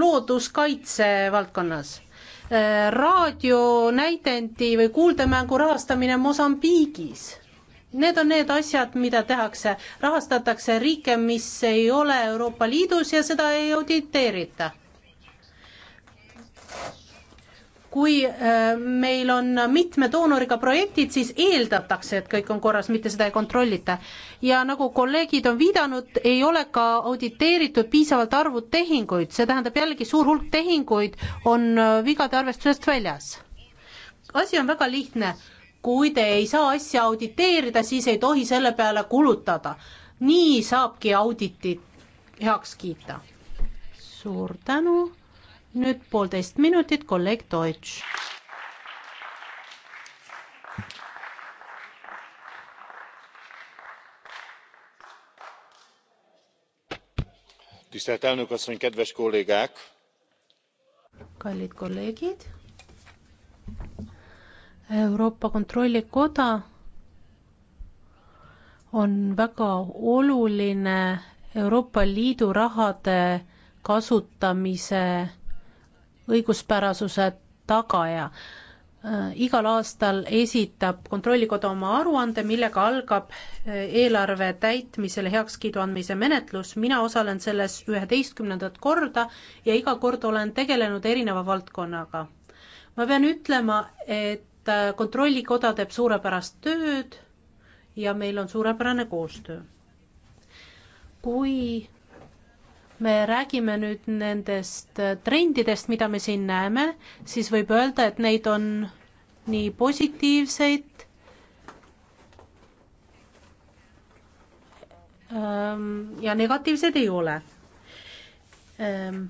looduskaitse valdkonnas. raadionäidendi või kuuldemängu rahastamine Mosambiigis. Need on need asjad, mida tehakse, rahastatakse riike, mis ei ole Euroopa Liidus ja seda ei auditeerita kui äh, meil on mitme doonoriga projektid, siis eeldatakse, et kõik on korras, mitte seda ei kontrollita. ja nagu kolleegid on viidanud, ei ole ka auditeeritud piisavalt arvu tehinguid, see tähendab jällegi suur hulk tehinguid on äh, vigade arvestusest väljas. asi on väga lihtne, kui te ei saa asja auditeerida, siis ei tohi selle peale kulutada. nii saabki auditit heaks kiita. suur tänu nüüd poolteist minutit, kolleeg Deutsch. tisztelt elnök asszony, kedves kollégák! kallid kolleegid! Euroopa Kontrollikoda on väga oluline Euroopa Liidu rahade kasutamise õiguspärasuse tagaja. Äh, igal aastal esitab Kontrollikoda oma aruande, millega algab äh, eelarve täitmisele heakskiidu andmise menetlus, mina osalen selles üheteistkümnendat korda ja iga kord olen tegelenud erineva valdkonnaga. ma pean ütlema, et äh, Kontrollikoda teeb suurepärast tööd ja meil on suurepärane koostöö. kui me räägime nüüd nendest trendidest, mida me siin näeme, siis võib öelda, et neid on nii positiivseid ähm, ja negatiivseid ei ole. Ähm,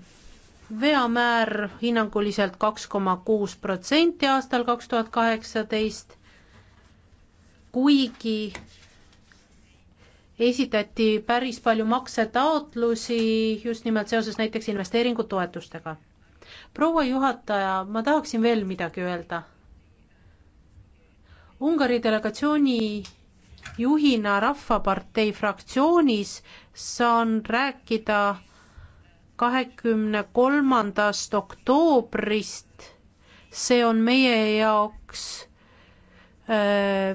veamäär hinnanguliselt kaks koma kuus protsenti aastal kaks tuhat kaheksateist, kuigi esitati päris palju maksetaotlusi just nimelt seoses näiteks investeeringutoetustega. proua juhataja, ma tahaksin veel midagi öelda. Ungari delegatsiooni juhina Rahvapartei fraktsioonis saan rääkida kahekümne kolmandast oktoobrist. see on meie jaoks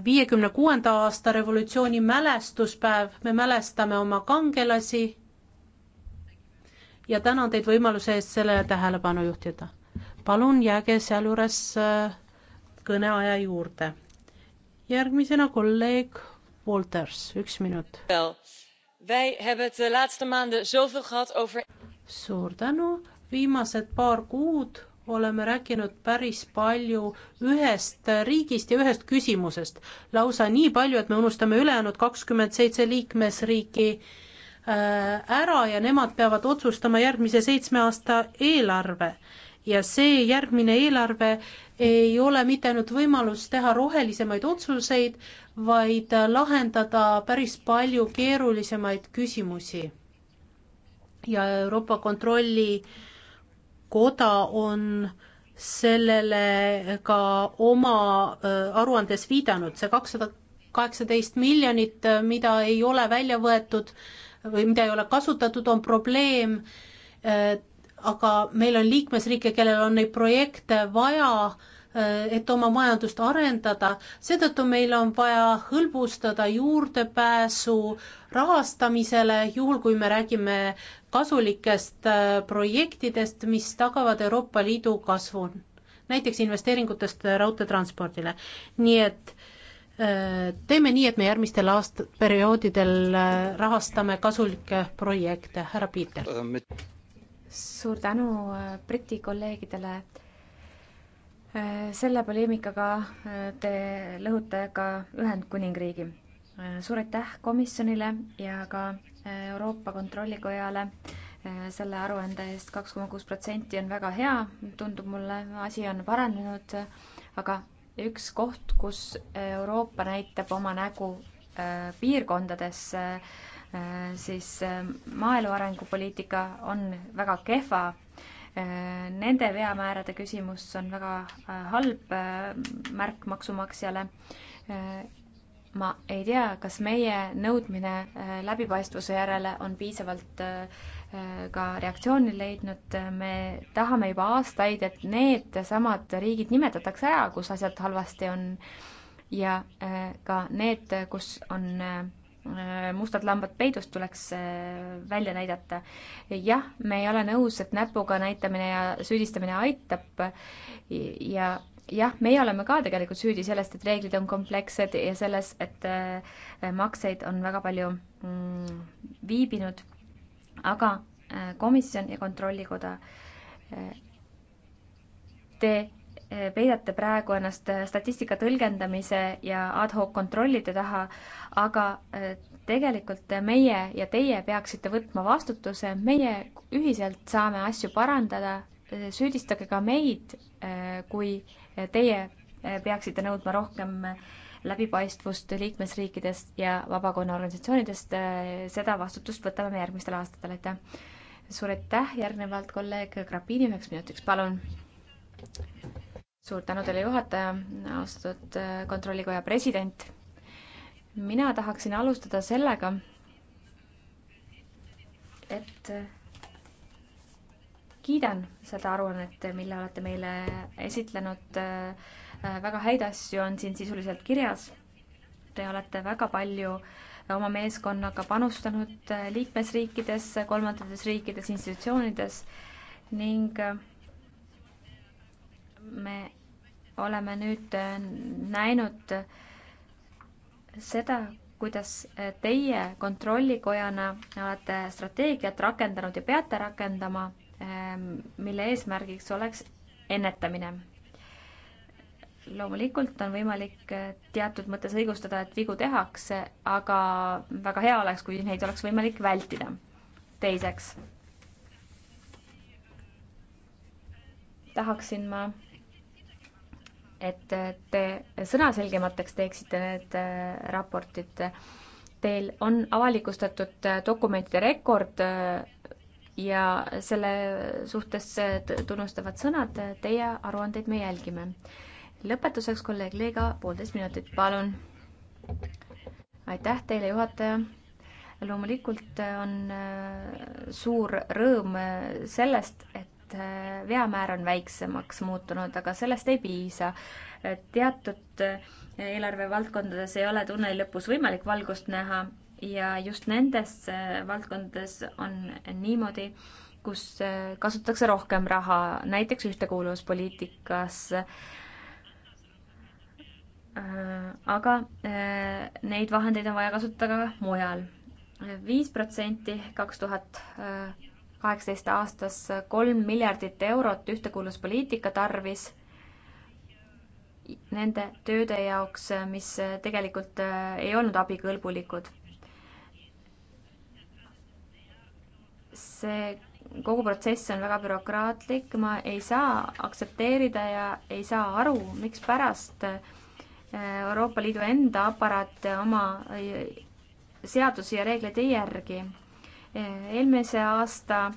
viiekümne kuuenda aasta revolutsiooni mälestuspäev, me mälestame oma kangelasi ja tänan teid võimaluse eest sellele tähelepanu juhtida. palun jääge sealjuures äh, kõneaja juurde. järgmisena kolleeg Wolters, üks minut. suur tänu, viimased paar kuud oleme rääkinud päris palju ühest riigist ja ühest küsimusest. lausa nii palju, et me unustame ülejäänud kakskümmend seitse liikmesriiki äh, ära ja nemad peavad otsustama järgmise seitsme aasta eelarve. ja see järgmine eelarve ei ole mitte ainult võimalus teha rohelisemaid otsuseid, vaid lahendada päris palju keerulisemaid küsimusi. ja Euroopa Kontrolli äh, koda on sellele ka oma äh, aruandes viidanud, see kakssada kaheksateist miljonit, äh, mida ei ole välja võetud või mida ei ole kasutatud, on probleem, äh, aga meil on liikmesriike, kellel on neid projekte vaja Äh, et oma majandust arendada, seetõttu meil on vaja hõlbustada juurdepääsu rahastamisele, juhul kui me räägime kasulikest äh, projektidest, mis tagavad Euroopa Liidu kasvu, näiteks investeeringutest äh, raudteetranspordile. nii et teeme nii, et me järgmistel aast-, perioodidel rahastame kasulikke projekte, härra Piiter. suur tänu Briti kolleegidele selle poleemikaga äh, te lõhute ka Ühendkuningriigi. Äh, suur aitäh komisjonile ja ka äh, Euroopa Kontrollikojale selle aruande eest, kaks koma kuus protsenti on väga hea, tundub mulle, asi on paranenud, aga üks koht, kus Euroopa näitab oma nägu piirkondades, siis maaelu arengupoliitika on väga kehva Äh, nende veamäärade küsimus on väga äh, halb äh, märk maksumaksjale. ma ei tea, kas meie nõudmine läbipaistvuse järele on piisavalt ka reaktsiooni leidnud, me tahame juba aastaid, et needsamad riigid nimetatakse ära, kus asjad halvasti on ja ka need, kus on Äh, mustad lambad peidust tuleks äh, välja näidata. jah, me ei ole nõus, et näpuga näitamine ja süüdistamine aitab ja jah, meie oleme ka tegelikult süüdi sellest, et reeglid on komplekssed ja selles, et äh, makseid on väga palju mm, viibinud, aga komisjon ja Kontrollikoda, te peidate praegu ennast statistika tõlgendamise ja ad hoc kontrollide taha, aga äh, tegelikult meie ja teie peaksite võtma vastutuse, meie ühiselt saame asju parandada, äh, süüdistage ka meid, äh, kui teie peaksite nõudma rohkem läbipaistvust liikmesriikidest ja vabakonnaorganisatsioonidest, seda vastutust võtame me järgmistel aastatel, aitäh! suur aitäh, järgnevalt kolleeg Grapini üheks minutiks, palun! suur tänu teile, juhataja, austatud äh, Kontrollikoja president. mina tahaksin alustada sellega, et äh, kiidan seda aruannet, mille olete meile esitlenud. Äh, väga häid asju on siin sisuliselt kirjas. Te olete väga palju oma meeskonnaga panustanud liikmesriikides, kolmandates riikides, institutsioonides ning me oleme nüüd äh, näinud seda, kuidas äh, teie kontrollikojana olete strateegiat rakendanud ja peate rakendama, ähm, mille eesmärgiks oleks ennetamine. loomulikult on võimalik äh, teatud mõttes õigustada, et vigu tehakse, aga väga hea oleks, kui neid oleks võimalik vältida. teiseks tahaksin ma et te sõnaselgemateks teeksite need äh, raportid. Teil on avalikustatud äh, dokumentide rekord äh, ja selle suhtes tunnustavad sõnad, teie aruandeid me jälgime. lõpetuseks kolleeg Leega poolteist minutit, palun. aitäh teile, juhataja loomulikult on suur rõõm sellest, et et äh, veamäär on väiksemaks muutunud, aga sellest ei piisa. teatud äh, eelarvevaldkondades ei ole tunneli lõpus võimalik valgust näha ja just nendes äh, valdkondades on niimoodi, kus kasutatakse rohkem raha, näiteks ühtekuuluvuspoliitikas aga neid vahendeid on vaja kasutada ka mujal. viis protsenti kaks tuhat kaheksateist aastas kolm miljardit eurot ühtekuuluvuspoliitika tarvis nende tööde jaoks, mis tegelikult äh, ei olnud abikõlbulikud. see kogu protsess on väga bürokraatlik, ma ei saa aktsepteerida ja ei saa aru, mikspärast äh, Euroopa Liidu enda aparaat oma äh, seadusi ja reegleid ei järgi. Eh, eelmise aasta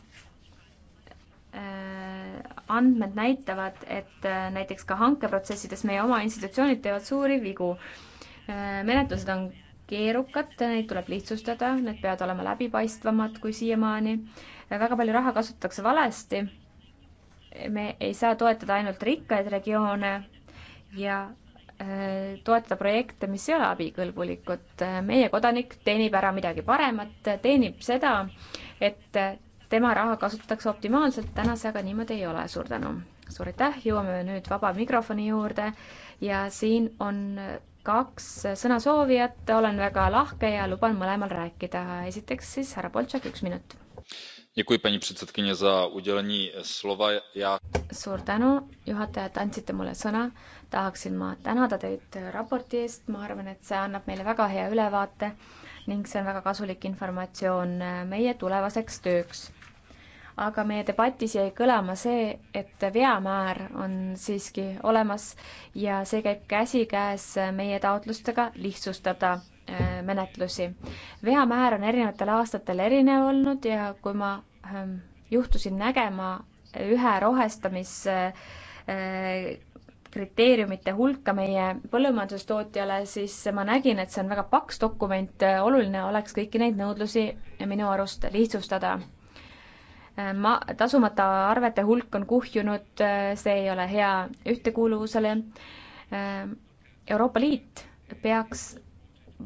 eh, andmed näitavad, et eh, näiteks ka hankeprotsessides meie oma institutsioonid teevad suuri vigu. menetlused on keerukad, neid tuleb lihtsustada, need peavad olema läbipaistvamad kui siiamaani. väga palju raha kasutatakse valesti. me ei saa toetada ainult rikkaid regioone ja toetada projekte, mis ei ole abikõlbulikud. meie kodanik teenib ära midagi paremat, teenib seda, et tema raha kasutatakse optimaalselt, täna see aga niimoodi ei ole. suur tänu. suur aitäh, jõuame nüüd vaba mikrofoni juurde ja siin on kaks sõnasoovijat, olen väga lahke ja luban mõlemal rääkida. esiteks siis härra Boltšak, üks minut paní předsedající. suur tänu, juhataja, et andsite mulle sõna. tahaksin ma tänada teid raporti eest, ma arvan, et see annab meile väga hea ülevaate ning see on väga kasulik informatsioon meie tulevaseks tööks. aga meie debatis jäi kõlama see, et veamäär on siiski olemas ja see käib käsikäes meie taotlustega lihtsustada menetlusi. veamäär on erinevatel aastatel erinev olnud ja kui ma ähm, juhtusin nägema ühe rohestamise äh, kriteeriumite hulka meie põllumajandustootjale, siis ma nägin, et see on väga paks dokument, oluline oleks kõiki neid nõudlusi minu arust lihtsustada. Ma, tasumata arvete hulk on kuhjunud, see ei ole hea ühtekuuluvusele. Äh, Euroopa Liit peaks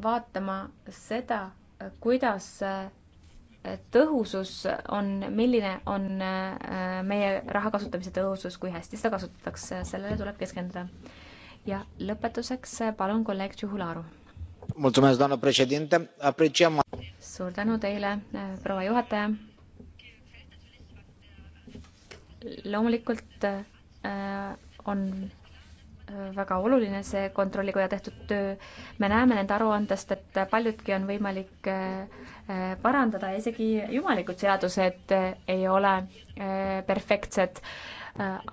vaatama seda, kuidas eh, tõhusus on, milline on eh, meie raha kasutamise tõhusus, kui hästi seda kasutatakse, sellele tuleb keskenduda. ja lõpetuseks eh, palun kolleeg Tšuhularu. suur tänu teile, proua juhataja. loomulikult on väga oluline see Kontrollikoja tehtud töö. me näeme nende aruandest, et paljutki on võimalik äh, äh, parandada, isegi jumalikud seadused äh, ei ole perfektsed.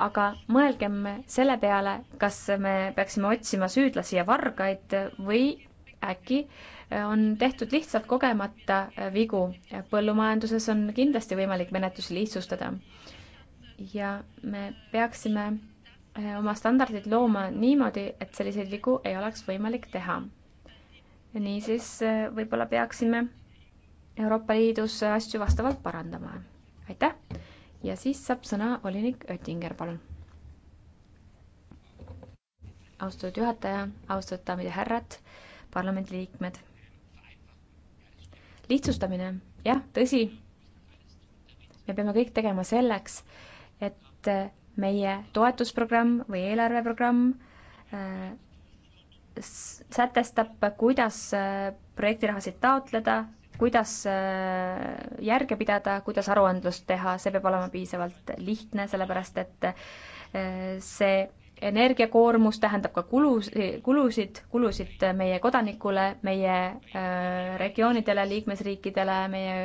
aga mõelgem selle peale, kas me peaksime otsima süüdlasi ja vargaid või äkki on tehtud lihtsalt kogemata vigu. põllumajanduses on kindlasti võimalik menetlusi lihtsustada. ja me peaksime Eh, oma standardid looma niimoodi, et selliseid vigu ei oleks võimalik teha. niisiis eh, võib-olla peaksime Euroopa Liidus asju vastavalt parandama. aitäh ja siis saab sõna volinik Oettinger, palun. austatud juhataja, austatud daamid ja härrad, parlamendiliikmed. lihtsustamine, jah, tõsi. me peame kõik tegema selleks, et meie toetusprogramm või eelarveprogramm äh, sätestab, kuidas äh, projektirahasid taotleda, kuidas äh, järge pidada, kuidas aruandlust teha, see peab olema piisavalt lihtne, sellepärast et see energiakoormus tähendab ka kulus, kulusid, kulusid meie kodanikule, meie regioonidele, liikmesriikidele, meie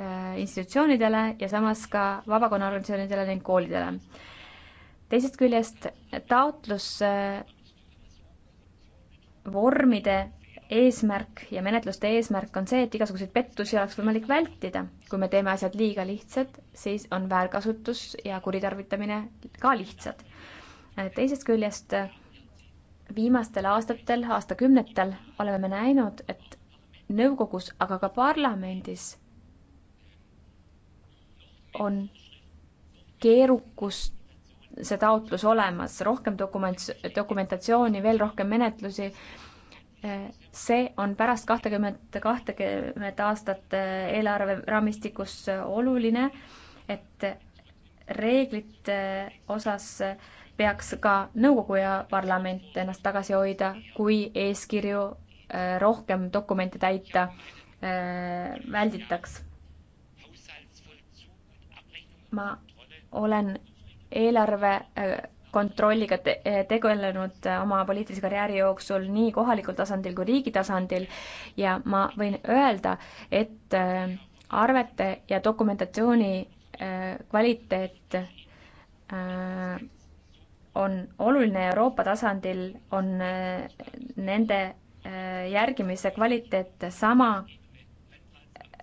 Äh, institutsioonidele ja samas ka vabakonnaorganisatsioonidele ning koolidele. teisest küljest taotlus äh, vormide eesmärk ja menetluste eesmärk on see, et igasuguseid pettusi oleks võimalik vältida. kui me teeme asjad liiga lihtsad, siis on väärkasutus ja kuritarvitamine ka lihtsad. Äh, teisest küljest viimastel aastatel, aastakümnetel oleme me näinud, et nõukogus, aga ka parlamendis on keerukus see taotlus olemas, rohkem dokument, dokumentatsiooni, veel rohkem menetlusi. see on pärast kahtekümmet, kahtekümmet aastat eelarveraamistikus oluline, et reeglite osas peaks ka nõukogu ja parlament ennast tagasi hoida, kui eeskirju rohkem dokumente täita välditaks ma olen eelarve äh, kontrolliga te äh, tegelenud äh, oma poliitilise karjääri jooksul nii kohalikul tasandil kui riigi tasandil ja ma võin öelda, et arvete ja dokumentatsiooni kvaliteet on oluline Euroopa tasandil, on nende järgimise kvaliteet sama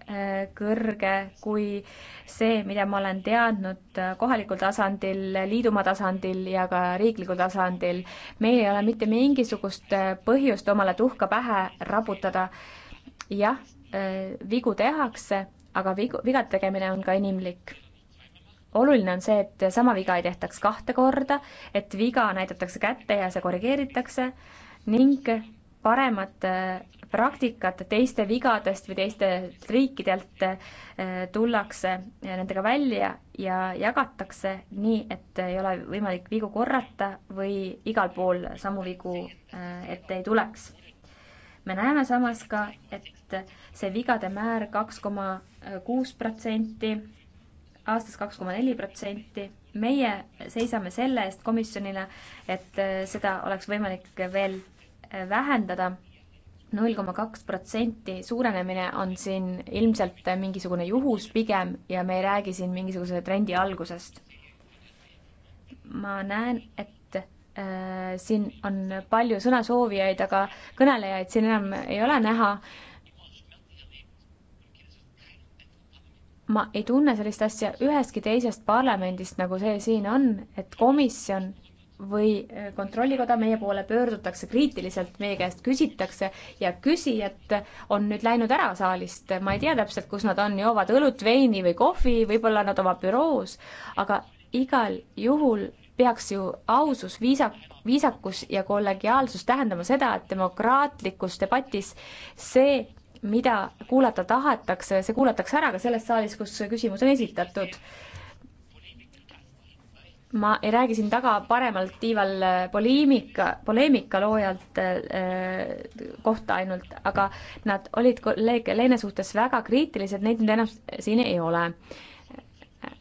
Eh, kõrge kui see, mida ma olen teadnud eh, kohalikul tasandil, liidumaa tasandil ja ka riiklikul tasandil. meil ei ole mitte mingisugust eh, põhjust omale tuhka pähe raputada. jah, vigu tehakse, aga vigu, vigade tegemine on ka inimlik oluline on see, et sama viga ei tehtaks kahte korda, et viga näidatakse kätte ja see korrigeeritakse ning paremat äh, praktikat teiste vigadest või teistelt riikidelt äh, tullakse nendega välja ja jagatakse nii, et ei ole võimalik vigu korrata või igal pool samu vigu äh, ette ei tuleks. me näeme samas ka, et see vigade määr kaks koma kuus protsenti, aastas kaks koma neli protsenti meie seisame selle eest komisjonina, et seda oleks võimalik veel Äh, vähendada null koma kaks protsenti suurenemine on siin ilmselt mingisugune juhus pigem ja me ei räägi siin mingisuguse trendi algusest. ma näen, et äh, siin on palju sõnasoovijaid, aga kõnelejaid siin enam ei ole näha. ma ei tunne sellist asja ühestki teisest parlamendist, nagu see siin on, et komisjon või äh, Kontrollikoda meie poole pöördutakse kriitiliselt, meie käest küsitakse ja küsijad on nüüd läinud ära saalist, ma ei tea täpselt, kus nad on, joovad õlut, veini või kohvi, võib-olla nad oma büroos, aga igal juhul peaks ju ausus, viisak, viisakus ja kollegiaalsus tähendama seda, et demokraatlikus debatis see, mida kuulata tahetakse, see kuulatakse ära ka selles saalis, kus küsimus on esitatud ma ei räägi siin taga paremalt tiival äh, poliimika, poleemika loojalt äh, kohta ainult, aga nad olid kolleeg Leene suhtes väga kriitilised, neid nüüd enam siin ei ole.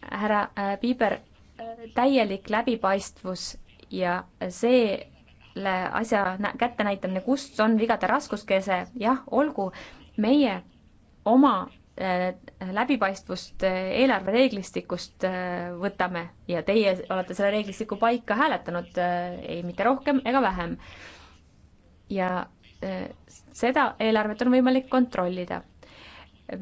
härra äh, Piiber, äh, täielik läbipaistvus ja see asja kättenäitamine, kus on vigade raskuskese, jah, olgu, meie oma Äh, läbipaistvust äh, eelarvereeglistikust äh, võtame ja teie olete selle reeglistiku paika hääletanud, ei mitte rohkem ega vähem. ja seda eelarvet on võimalik kontrollida.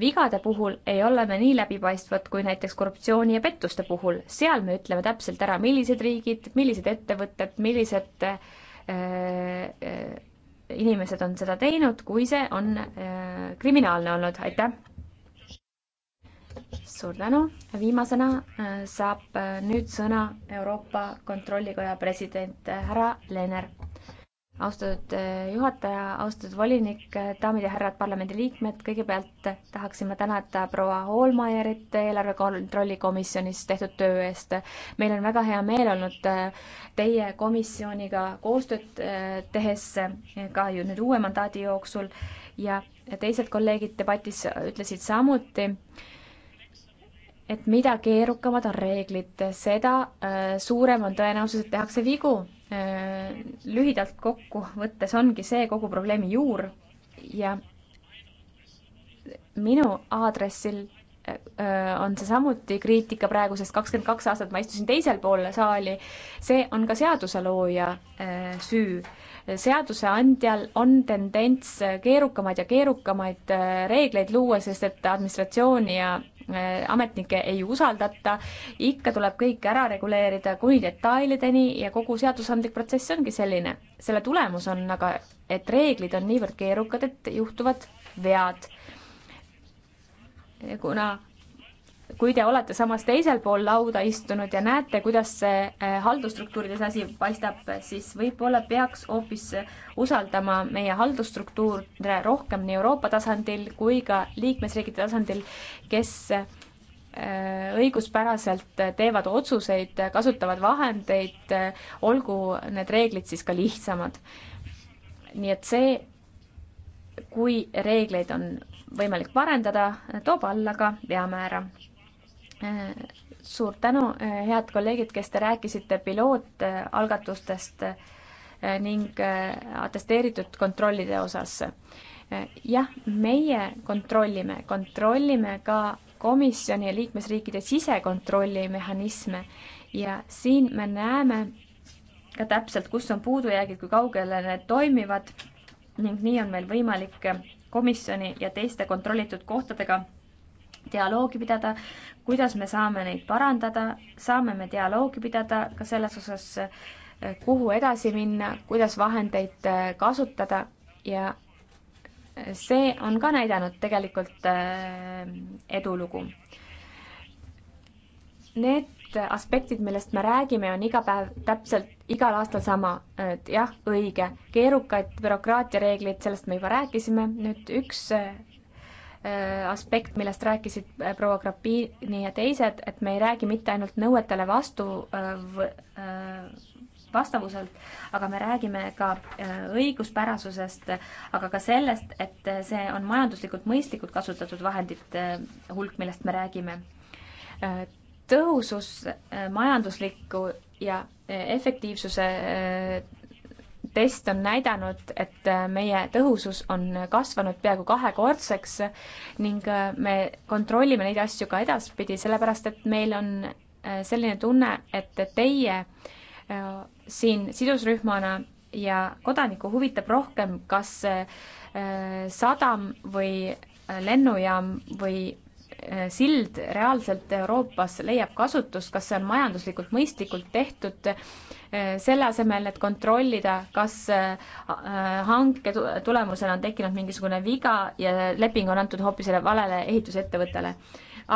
vigade puhul ei ole me nii läbipaistvad kui näiteks korruptsiooni ja pettuste puhul, seal me ütleme täpselt ära, millised riigid, millised ettevõtted, millised äh, äh, inimesed on seda teinud, kui see on äh, kriminaalne olnud, aitäh suur tänu. viimasena äh, saab äh, nüüd sõna Euroopa Kontrollikoja president äh, härra Lener. austatud juhataja, austatud volinik, daamid ja härrad parlamendiliikmed, kõigepealt tahaksin ma tänada proua Hoolmaierit eelarve kontrolli komisjonis tehtud töö eest. meil on väga hea meel olnud teie komisjoniga koostööd tehes ka ju nüüd uue mandaadi jooksul ja teised kolleegid debatis ütlesid samuti et mida keerukamad on reeglid, seda äh, suurem on tõenäosus, et tehakse vigu. Äh, lühidalt kokku võttes ongi see kogu probleemi juur ja minu aadressil äh, on see samuti kriitika praegu, sest kakskümmend kaks aastat ma istusin teisel pool saali. see on ka seaduselooja süü seaduseandjal on tendents keerukamaid ja keerukamaid reegleid luua, sest et administratsiooni ja Äh, ametnikke ei usaldata, ikka tuleb kõik ära reguleerida kuni detailideni ja kogu seadusandlik protsess ongi selline. selle tulemus on aga, et reeglid on niivõrd keerukad, et juhtuvad vead. kuna kui te olete samas teisel pool lauda istunud ja näete, kuidas see eh, haldusstruktuurides asi paistab, siis võib-olla peaks hoopis usaldama meie haldusstruktuure rohkem nii Euroopa tasandil kui ka liikmesriikide tasandil, kes eh, õiguspäraselt teevad otsuseid, kasutavad vahendeid, eh, olgu need reeglid siis ka lihtsamad. nii et see, kui reegleid on võimalik parendada, toob alla ka veamäära suur tänu, head kolleegid, kes te rääkisite pilootalgatustest eh, ning eh, atesteeritud kontrollide osas. Eh, jah, meie kontrollime, kontrollime ka komisjoni ja liikmesriikide sisekontrolli mehhanisme ja siin me näeme ka täpselt, kus on puudujäägid, kui kaugele need toimivad ning nii on meil võimalik komisjoni ja teiste kontrollitud kohtadega dialoogi pidada, kuidas me saame neid parandada, saame me dialoogi pidada ka selles osas, kuhu edasi minna, kuidas vahendeid äh, kasutada ja äh, see on ka näidanud tegelikult äh, edulugu. Need aspektid, millest me räägime, on iga päev täpselt igal aastal sama, et jah, õige, keerukad bürokraatiareeglid, sellest me juba rääkisime, nüüd üks Äh, aspekt, millest rääkisid äh, proua Grapini ja teised, et me ei räägi mitte ainult nõuetele vastu äh, vastavuselt, aga me räägime ka õiguspärasusest, aga ka sellest, et see on majanduslikult mõistlikult kasutatud vahendite hulk, millest me räägime. tõhusus, majandusliku ja efektiivsuse test on näidanud, et äh, meie tõhusus on kasvanud peaaegu kahekordseks ning äh, me kontrollime neid asju ka edaspidi, sellepärast et meil on äh, selline tunne, et teie siin sidusrühmana ja kodanikku huvitab rohkem, kas sadam või lennujaam või Eh, sild reaalselt Euroopas leiab kasutust, kas see on majanduslikult mõistlikult tehtud, eh, selle asemel, et kontrollida, kas eh, hanke tulemusena on tekkinud mingisugune viga ja leping on antud hoopis valele ehitusettevõttele.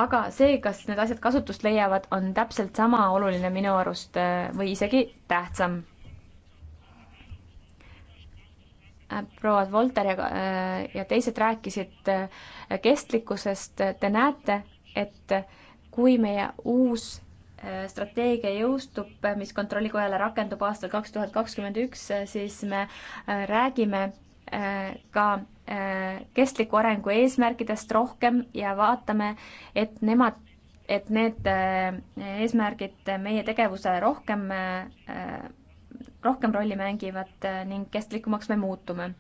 aga see, kas need asjad kasutust leiavad, on täpselt sama oluline minu arust või isegi tähtsam Äh, prouad Volter ja, äh, ja teised rääkisid äh, kestlikkusest, te näete, et kui meie uus strateegia jõustub, mis Kontrollikojale rakendub aastal kaks tuhat kakskümmend üks, siis me räägime ka kestliku arengu eesmärkidest rohkem ja vaatame, et nemad, et need eesmärgid meie tegevuse rohkem rohkem rolli mängivad äh, ning kestlikumaks me muutume.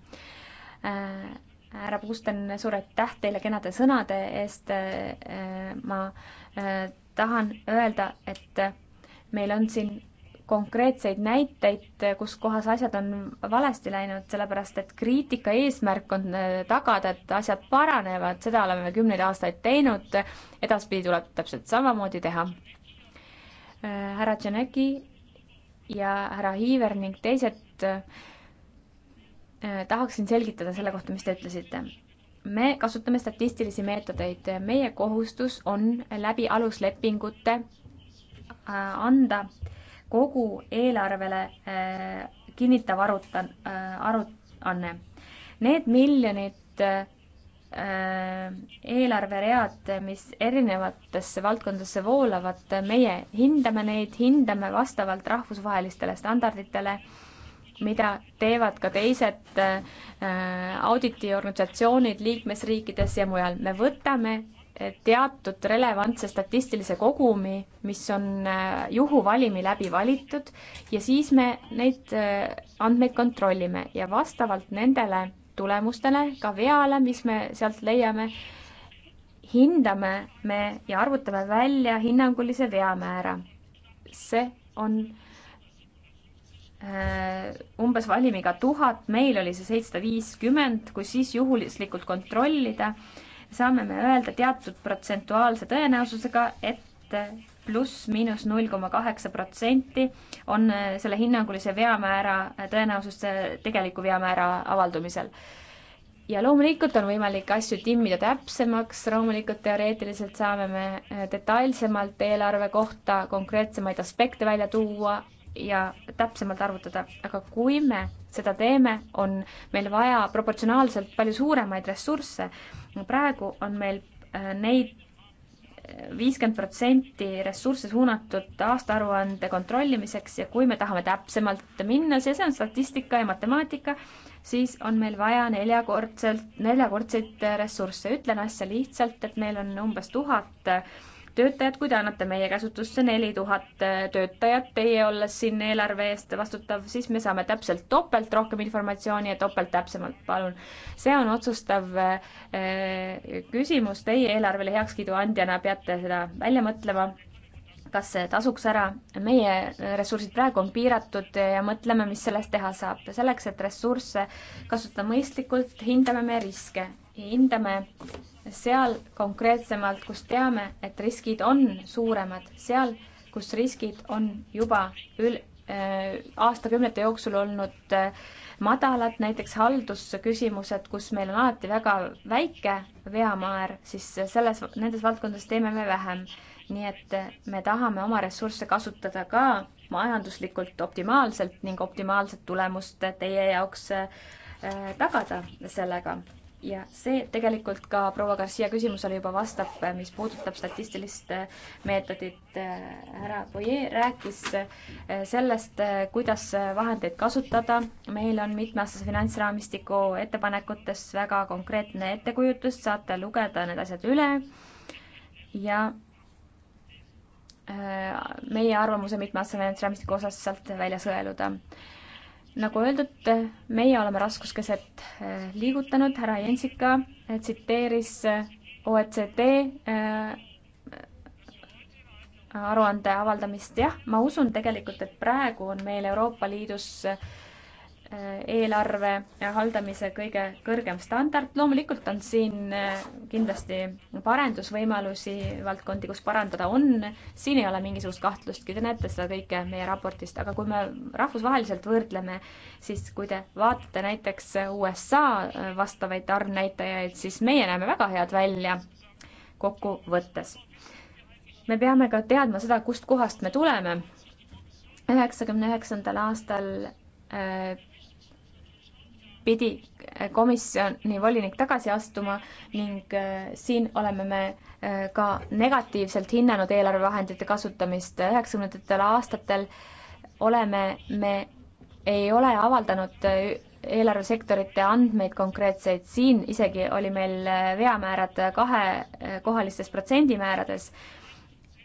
Äh, härra Puusten, suur aitäh teile kenade sõnade eest. Äh, ma tahan öelda, et meil on siin konkreetseid näiteid, kus kohas asjad on valesti läinud, sellepärast et kriitika eesmärk on tagada, et asjad paranevad, seda oleme me kümneid aastaid teinud, edaspidi tuleb täpselt samamoodi teha. härra Tšeneki ja härra Hiiver ning teised äh, tahaksin selgitada selle kohta, mis te ütlesite. me kasutame statistilisi meetodeid, meie kohustus on läbi aluslepingute äh, anda kogu eelarvele äh, kinnitav arutan-, aruanne. Need miljonid Äh, eelarveread, mis erinevatesse valdkondadesse voolavad, meie hindame neid, hindame vastavalt rahvusvahelistele standarditele, mida teevad ka teised äh, auditiorganisatsioonid liikmesriikides ja mujal. me võtame äh, teatud relevantse statistilise kogumi, mis on juhuvalimi läbi valitud ja siis me neid andmeid kontrollime ja vastavalt nendele tulemustele, ka veale, mis me sealt leiame, hindame me ja arvutame välja hinnangulise veamäära. see on äh, umbes valimiga tuhat, meil oli see seitsesada viiskümmend, kui siis juhuslikult kontrollida, saame me öelda teatud protsentuaalse tõenäosusega, et pluss-miinus null koma kaheksa protsenti on äh, selle hinnangulise veamäära äh, tõenäosus äh, tegeliku veamäära avaldumisel. ja loomulikult on võimalik asju timmida täpsemaks, loomulikult teoreetiliselt saame me detailsemalt eelarve kohta konkreetsemaid aspekte välja tuua ja täpsemalt arvutada, aga kui me seda teeme, on meil vaja proportsionaalselt palju suuremaid ressursse. praegu on meil neid viiskümmend protsenti ressursse suunatud aastaaruande kontrollimiseks ja kui me tahame täpsemalt minna, see, see on statistika ja matemaatika, siis on meil vaja neljakordselt, neljakordseid ressursse. ütlen asja lihtsalt, et meil on umbes tuhat töötajat, kui te annate meie käsutusse neli tuhat äh, töötajat, teie olles siin eelarve eest vastutav, siis me saame täpselt topelt rohkem informatsiooni ja topelt täpsemalt, palun. see on otsustav äh, küsimus, teie eelarvele heakskiidu andjana peate seda välja mõtlema kas see tasuks ära, meie ressursid praegu on piiratud ja mõtleme, mis sellest teha saab. selleks, et ressursse kasutada mõistlikult, hindame me riske hindame seal konkreetsemalt, kus teame, et riskid on suuremad, seal, kus riskid on juba ül-, äh, aastakümnete jooksul olnud äh, madalad, näiteks haldusküsimused, kus meil on alati väga väike veamäär, siis selles, nendes valdkondades teeme me vähem. nii et äh, me tahame oma ressursse kasutada ka majanduslikult optimaalselt ning optimaalset tulemust teie jaoks tagada sellega ja see tegelikult ka proua Garcia küsimusele juba vastab, eh, mis puudutab statistilist eh, meetodit. Eh, härra Poirier rääkis sellest, kuidas vahendeid kasutada. meil on mitmeaastase finantsraamistiku ettepanekutes väga konkreetne ettekujutus, saate lugeda need asjad üle ja meie arvamuse mitmeaastase finantsraamistiku osas sealt välja sõeluda nagu öeldud, meie oleme raskuskeset eh, liigutanud, härra Jensika eh, tsiteeris eh, OECD aruande avaldamist, jah, ma usun tegelikult, et praegu on meil Euroopa Liidus Äh, eelarve haldamise kõige kõrgem standard. loomulikult on siin äh, kindlasti parendusvõimalusi, valdkondi, kus parandada on, siin ei ole mingisugust kahtlustki, te näete seda kõike meie raportist, aga kui me rahvusvaheliselt võrdleme, siis kui te vaatate näiteks USA äh, vastavaid tarnnäitajaid, siis meie näeme väga head välja kokkuvõttes. me peame ka teadma seda, kustkohast me tuleme. üheksakümne üheksandal aastal pidi komisjoni volinik tagasi astuma ning äh, siin oleme me äh, ka negatiivselt hinnanud eelarvevahendite kasutamist üheksakümnendatel aastatel oleme me ei ole avaldanud äh, eelarvesektorite andmeid konkreetseid, siin isegi oli meil veamäärad kahekohalistes protsendimäärades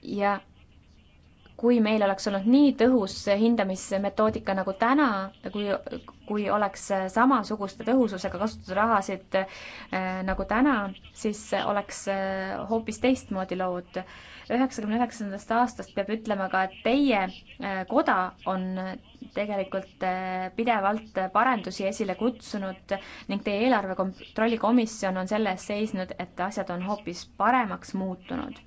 ja kui meil oleks olnud nii tõhus hindamismetoodika nagu täna, kui, kui oleks samasuguste tõhususega kasutada rahasid äh, nagu täna, siis oleks äh, hoopis teistmoodi lood. üheksakümne üheksandast aastast peab ütlema ka, et teie äh, koda on tegelikult pidevalt parendusi esile kutsunud ning teie eelarve kontrolli komisjon on selle eest seisnud, et asjad on hoopis paremaks muutunud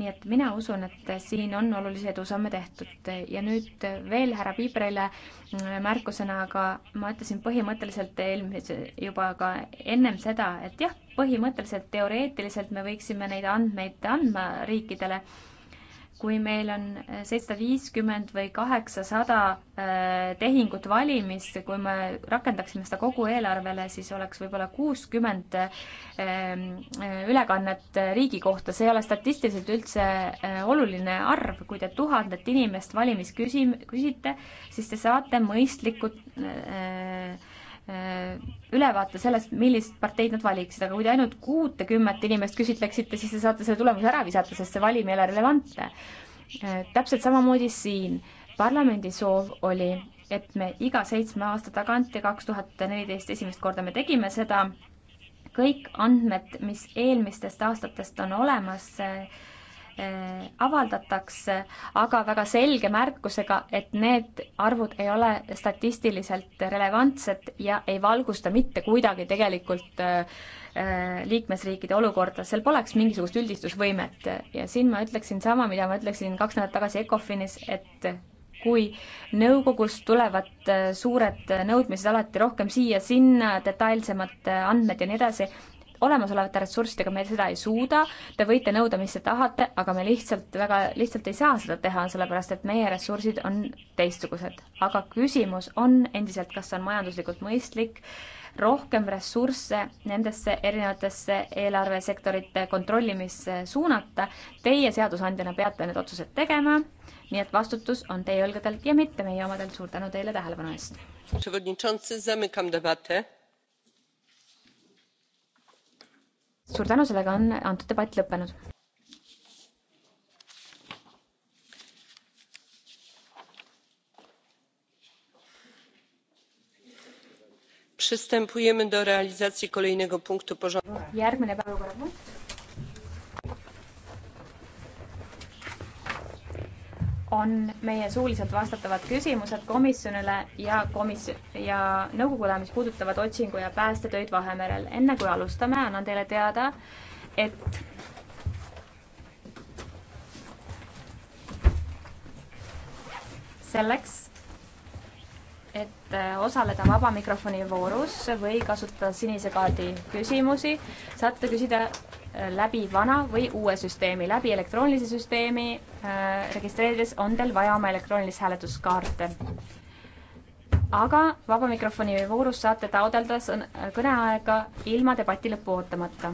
nii et mina usun, et siin on olulisi edusamme tehtud ja nüüd veel härra Piibrile märkusena, aga ma ütlesin põhimõtteliselt eelmise, juba ka ennem seda, et jah, põhimõtteliselt teoreetiliselt me võiksime neid andmeid andma riikidele kui meil on äh, seitsesada viiskümmend või kaheksasada äh, tehingut valimis, kui me rakendaksime seda kogu eelarvele, siis oleks võib-olla kuuskümmend ähm, äh, ülekannet riigi kohta, see ei ole statistiliselt üldse oluline arv, kui te tuhandet inimest valimis küsi-, küsite, siis te saate mõistlikud äh, Äh, ülevaate sellest, millist parteid nad valiksid, aga kui te ainult kuutekümmet inimest küsitleksite, siis te saate selle tulemuse ära visata, sest see valim ei ole relevantne. Äh, täpselt samamoodi siin parlamendi soov oli, et me iga seitsme aasta tagant ja kaks tuhat neliteist esimest korda me tegime seda, kõik andmed, mis eelmistest aastatest on olemas, äh, Eh, avaldatakse, aga väga selge märkusega, et need arvud ei ole statistiliselt relevantsed ja ei valgusta mitte kuidagi tegelikult eh, eh, liikmesriikide olukorda, seal poleks mingisugust üldistusvõimet ja siin ma ütleksin sama, mida ma ütlesin kaks nädalat tagasi ECOFINis, et kui nõukogust tulevad suured nõudmised alati rohkem siia-sinna, detailsemad andmed ja nii edasi, olemasolevate ressurssidega me seda ei suuda, te võite nõuda, mis te tahate, aga me lihtsalt väga lihtsalt ei saa seda teha, sellepärast et meie ressursid on teistsugused. aga küsimus on endiselt, kas see on majanduslikult mõistlik, rohkem ressursse nendesse erinevatesse eelarvesektorite kontrollimisse suunata. Teie seadusandjana peate need otsused tegema, nii et vastutus on teie õlgadel ja mitte meie omadel. suur tänu teile tähelepanu eest! suur tänu, sellega on antud debatt lõppenud. järgmine päevakorrapunkt on meie suuliselt vastatavad küsimused komisjonile ja komis- ja nõukogule, mis puudutavad otsingu- ja päästetöid Vahemerel. enne kui alustame, annan teile teada, et selleks, et äh, osaleda vaba mikrofoni voorus või kasutada sinise kaardi küsimusi, saate küsida läbi vana või uue süsteemi, läbi elektroonilise süsteemi äh, registreerides on teil vaja oma elektroonilisi hääletuskaarte. aga vaba mikrofoni voorus saate taotleda kõneaega ilma debati lõppu ootamata.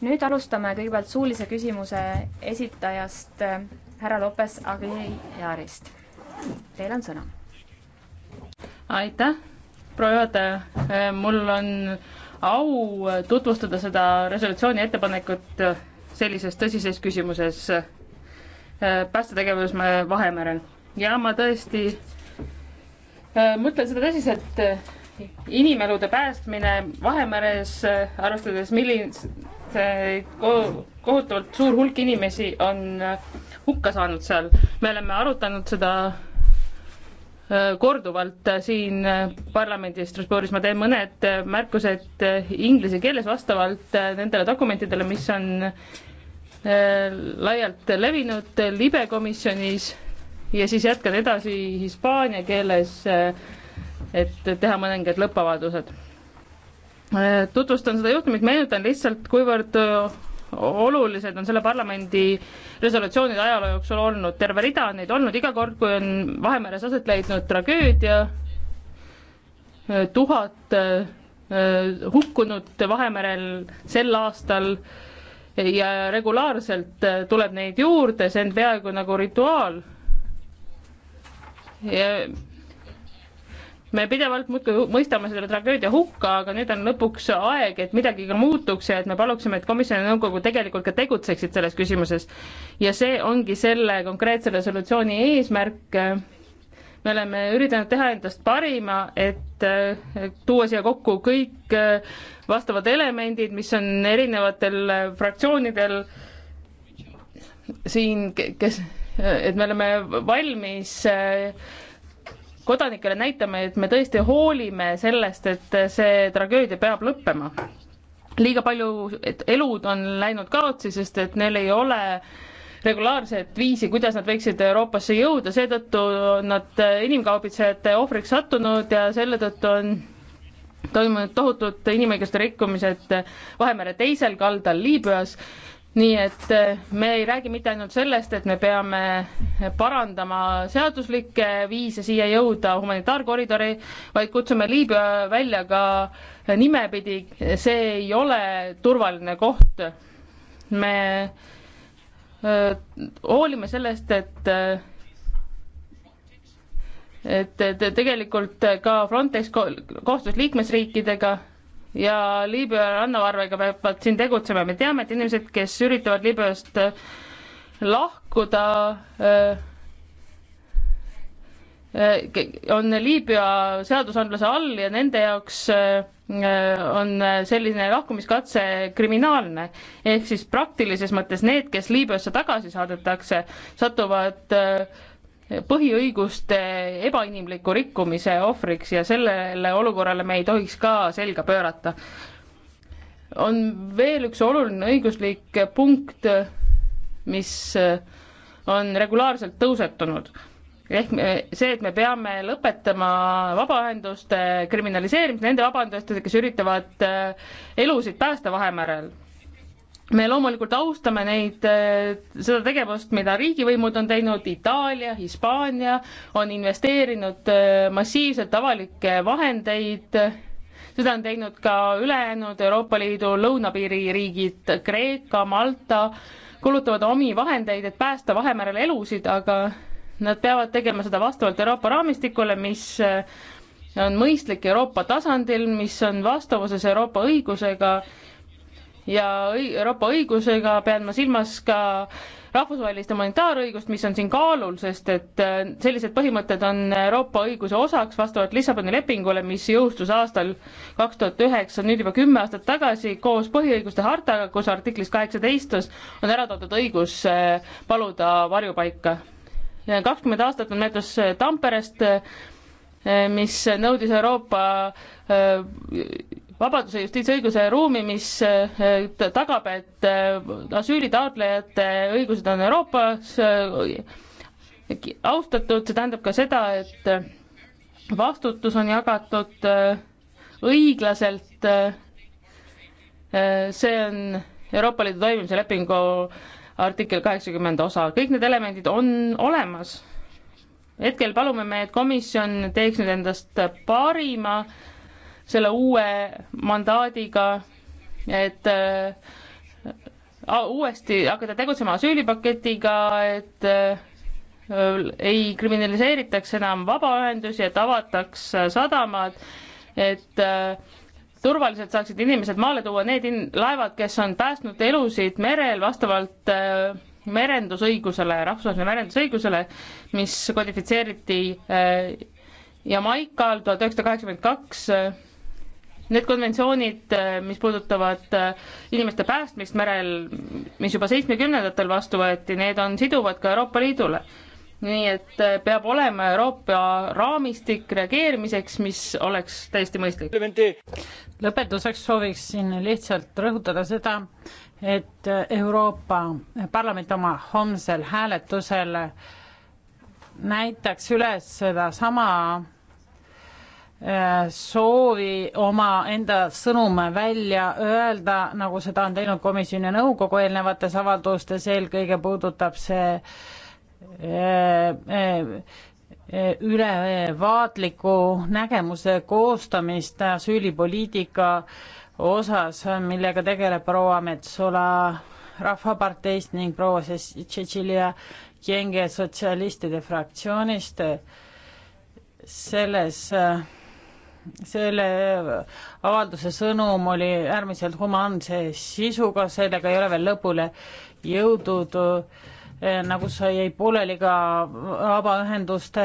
nüüd alustame kõigepealt suulise küsimuse esitajast äh, härra Lopes Aguiarist. Teil on sõna. aitäh, proua juhataja, äh, mul on au tutvustada seda resolutsiooni ettepanekut sellises tõsises küsimuses äh, päästetegevus Vahemerel ja ma tõesti äh, mõtlen seda tõsiselt, äh, inimelude päästmine Vahemeres, arvestades, milliseid kohutavalt suur hulk inimesi on hukka saanud seal. me oleme arutanud seda korduvalt siin parlamendis Strasbourgis, ma teen mõned märkused inglise keeles vastavalt nendele dokumentidele, mis on äh, laialt levinud libe komisjonis ja siis jätkan edasi hispaania keeles, äh, et teha mõningad lõppavaldused. Äh, tutvustan seda juhtumit, meenutan lihtsalt, kuivõrd olulised on selle parlamendi resolutsioonide ajaloo jooksul olnud, terve rida on neid olnud, iga kord, kui on Vahemeres aset leidnud tragöödia, tuhat eh, hukkunut Vahemerel sel aastal ja regulaarselt eh, tuleb neid juurde, see on peaaegu nagu rituaal me pidevalt muudkui mõistame selle tragöödia hukka, aga nüüd on lõpuks aeg, et midagi ka muutuks ja et me paluksime, et komisjon ja nõukogu tegelikult ka tegutseksid selles küsimuses. ja see ongi selle konkreetse resolutsiooni eesmärk. me oleme üritanud teha endast parima, et äh, tuua siia kokku kõik äh, vastavad elemendid, mis on erinevatel äh, fraktsioonidel siin, kes, et me oleme valmis äh, kodanikele näitame, et me tõesti hoolime sellest, et see tragöödia peab lõppema. liiga palju elud on läinud kaotsi, sest et neil ei ole regulaarset viisi, kuidas nad võiksid Euroopasse jõuda, seetõttu on nad inimkaubitsejate ohvriks sattunud ja selle tõttu on toimunud tohutud inimõiguste rikkumised Vahemere teisel kaldal Liibüas nii et eh, me ei räägi mitte ainult sellest, et me peame parandama seaduslikke viise siia jõuda, humanitaarkoridori, vaid kutsume Liibüa välja ka nimepidi, see ei ole turvaline koht. me eh, hoolime sellest, et eh, et tegelikult ka Frontex kohtus liikmesriikidega ja Liibüa rannavarvega peavad siin tegutsema, me teame, et inimesed, kes üritavad Liibüast äh, lahkuda, äh, äh, on Liibüa seadusandluse all ja nende jaoks on selline lahkumiskatse kriminaalne. ehk siis praktilises mõttes need, kes Liibüasse tagasi saadetakse, satuvad äh, põhiõiguste ebainimliku rikkumise ohvriks ja sellele olukorrale me ei tohiks ka selga pöörata. on veel üks oluline õiguslik punkt, mis on regulaarselt tõusetunud ehk see, et me peame lõpetama vabaühenduste kriminaliseerimise, nende vabaühendustega, kes üritavad äh, elusid päästa Vahemerel me loomulikult austame neid, eh, seda tegevust, mida riigivõimud on teinud, Itaalia, Hispaania on investeerinud eh, massiivselt avalikke vahendeid, seda on teinud ka ülejäänud Euroopa Liidu lõunapiiri riigid, Kreeka, Malta, kulutavad omi vahendeid, et päästa Vahemerel elusid, aga nad peavad tegema seda vastavalt Euroopa raamistikule, mis eh, on mõistlik Euroopa tasandil, mis on vastavuses Euroopa õigusega ja Euroopa õigusega pean ma silmas ka rahvusvahelist humanitaarõigust, mis on siin kaalul, sest et äh, sellised põhimõtted on Euroopa õiguse osaks vastavalt Lissaboni lepingule, mis jõustus aastal kaks tuhat üheksa, nüüd juba kümme aastat tagasi, koos põhiõiguste hartaga, kus artiklis kaheksateist on ära toodud õigus äh, paluda varjupaika. kakskümmend aastat on näitus äh, Tamperest, mis nõudis Euroopa vabaduse, justiitsõiguse ruumi, mis eh, tagab, et eh, asüülitaotlejate õigused on Euroopas eh, austatud, see tähendab ka seda, et vastutus on jagatud õiglaselt. see on Euroopa Liidu toimimise lepingu artikkel kaheksakümmend osa, kõik need elemendid on olemas. hetkel palume me, et komisjon teeks nüüd endast parima selle uue mandaadiga, et äh, uuesti hakata tegutsema asüülipaketiga, et äh, ei kriminaliseeritaks enam vabaühendusi, et avataks äh, sadamad, et turvaliselt saaksid inimesed maale tuua need in-, laevad, kes on päästnud elusid merel vastavalt merendusõigusele, rahvusvahelisele merendusõigusele, mis kodifitseeriti Jamaikal tuhat üheksasada kaheksakümmend kaks Need konventsioonid, äh, mis puudutavad äh, inimeste päästmist merel, mis juba seitsmekümnendatel vastu võeti, need on siduvad ka Euroopa Liidule. nii et äh, peab olema Euroopa raamistik reageerimiseks, mis oleks täiesti mõistlik. lõpetuseks sooviksin lihtsalt rõhutada seda, et Euroopa Parlament oma homsel hääletusel näitaks üles sedasama Äh, soovi omaenda sõnum välja öelda, nagu seda on teinud komisjon ja nõukogu eelnevates avaldustes, eelkõige puudutab see äh, äh, ülevaatliku nägemuse koostamist asüülipoliitika osas, millega tegeleb proua Metsola Rahvaparteist ning proua Tšetšilia Kienge sotsialistide fraktsioonist. selles äh, selle avalduse sõnum oli äärmiselt humaanse sisuga, sellega ei ole veel lõpule jõudud, eh, nagu see jäi pooleli ka vabaühenduste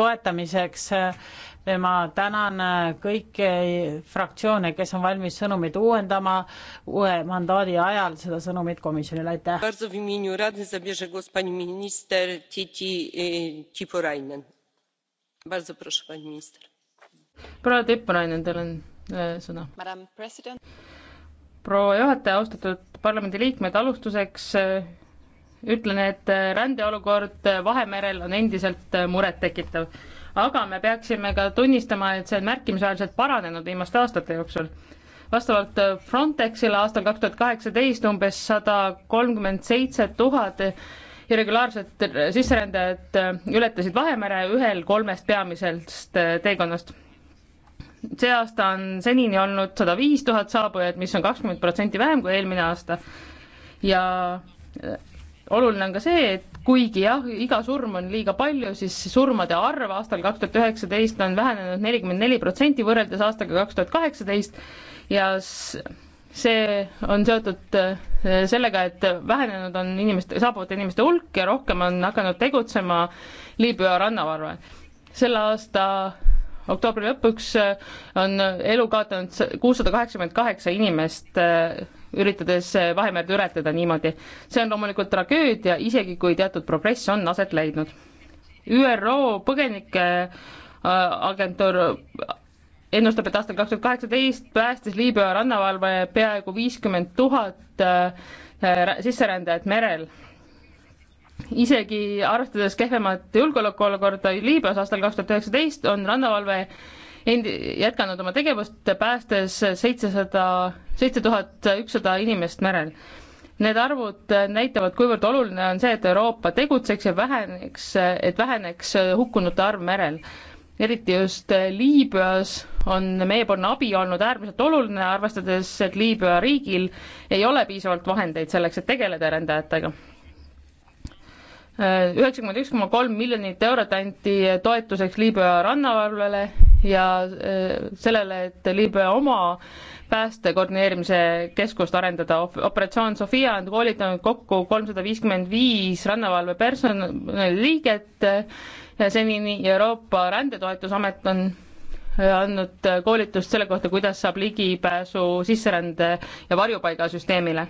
toetamiseks. Eh, ma tänan kõiki fraktsioone, kes on valmis sõnumit uuendama uue mandaadi ajal, seda sõnumit komisjonile, aitäh proua Tippurainen, teil on äh, sõna. proua juhataja, austatud parlamendiliikmed, alustuseks äh, ütlen, et äh, rändeolukord äh, Vahemerel on endiselt äh, murettekitav. aga me peaksime ka tunnistama, et see on märkimisväärselt paranenud viimaste aastate jooksul. vastavalt Frontexile aastal kaks tuhat kaheksateist umbes sada kolmkümmend seitse tuhat irregulaarset sisserändajat ületasid Vahemere ühel kolmest peamisest teekonnast see aasta on senini olnud sada viis tuhat saabujat, mis on kakskümmend protsenti vähem kui eelmine aasta. ja äh, oluline on ka see, et kuigi jah, iga surm on liiga palju, siis surmade arv aastal kaks tuhat üheksateist on vähenenud nelikümmend neli protsenti võrreldes aastaga kaks tuhat kaheksateist ja see on seotud äh, sellega, et vähenenud on inimeste, saabuvate inimeste hulk ja rohkem on hakanud tegutsema Liibüa rannavarve. selle aasta oktoobri lõpuks äh, on elu kaotanud kuussada kaheksakümmend kaheksa inimest, äh, üritades äh, Vahemerd ületada niimoodi. see on loomulikult tragöödia, isegi kui teatud progress on aset leidnud. ÜRO põgenikeagentuur ennustab, et aastal kaks tuhat kaheksateist päästis Liibüa rannavalve peaaegu viiskümmend tuhat sisserändajat merel isegi arvestades kehvemat julgeolekuolukorda Liibüas aastal kaks tuhat üheksateist, on rannavalve endi-, jätkanud oma tegevust, päästes seitsesada, seitse tuhat ükssada inimest merel. Need arvud näitavad, kuivõrd oluline on see, et Euroopa tegutseks ja väheneks, et väheneks hukkunute arv merel. eriti just Liibüas on meiepoolne abi olnud äärmiselt oluline, arvestades, et Liibüa riigil ei ole piisavalt vahendeid selleks, et tegeleda rändajatega üheksakümmend üks koma kolm miljonit eurot anti toetuseks Liibüa rannavalvele ja äh, sellele, et Liibüa oma pääste koordineerimise keskust arendada. operatsioon Sofia on koolitanud kokku kolmsada viiskümmend viis rannavalve personaliliiget äh, senini ja Euroopa Rändetoetusamet on äh, andnud koolitust selle kohta, kuidas saab ligipääsu sisserände ja varjupaigasüsteemile.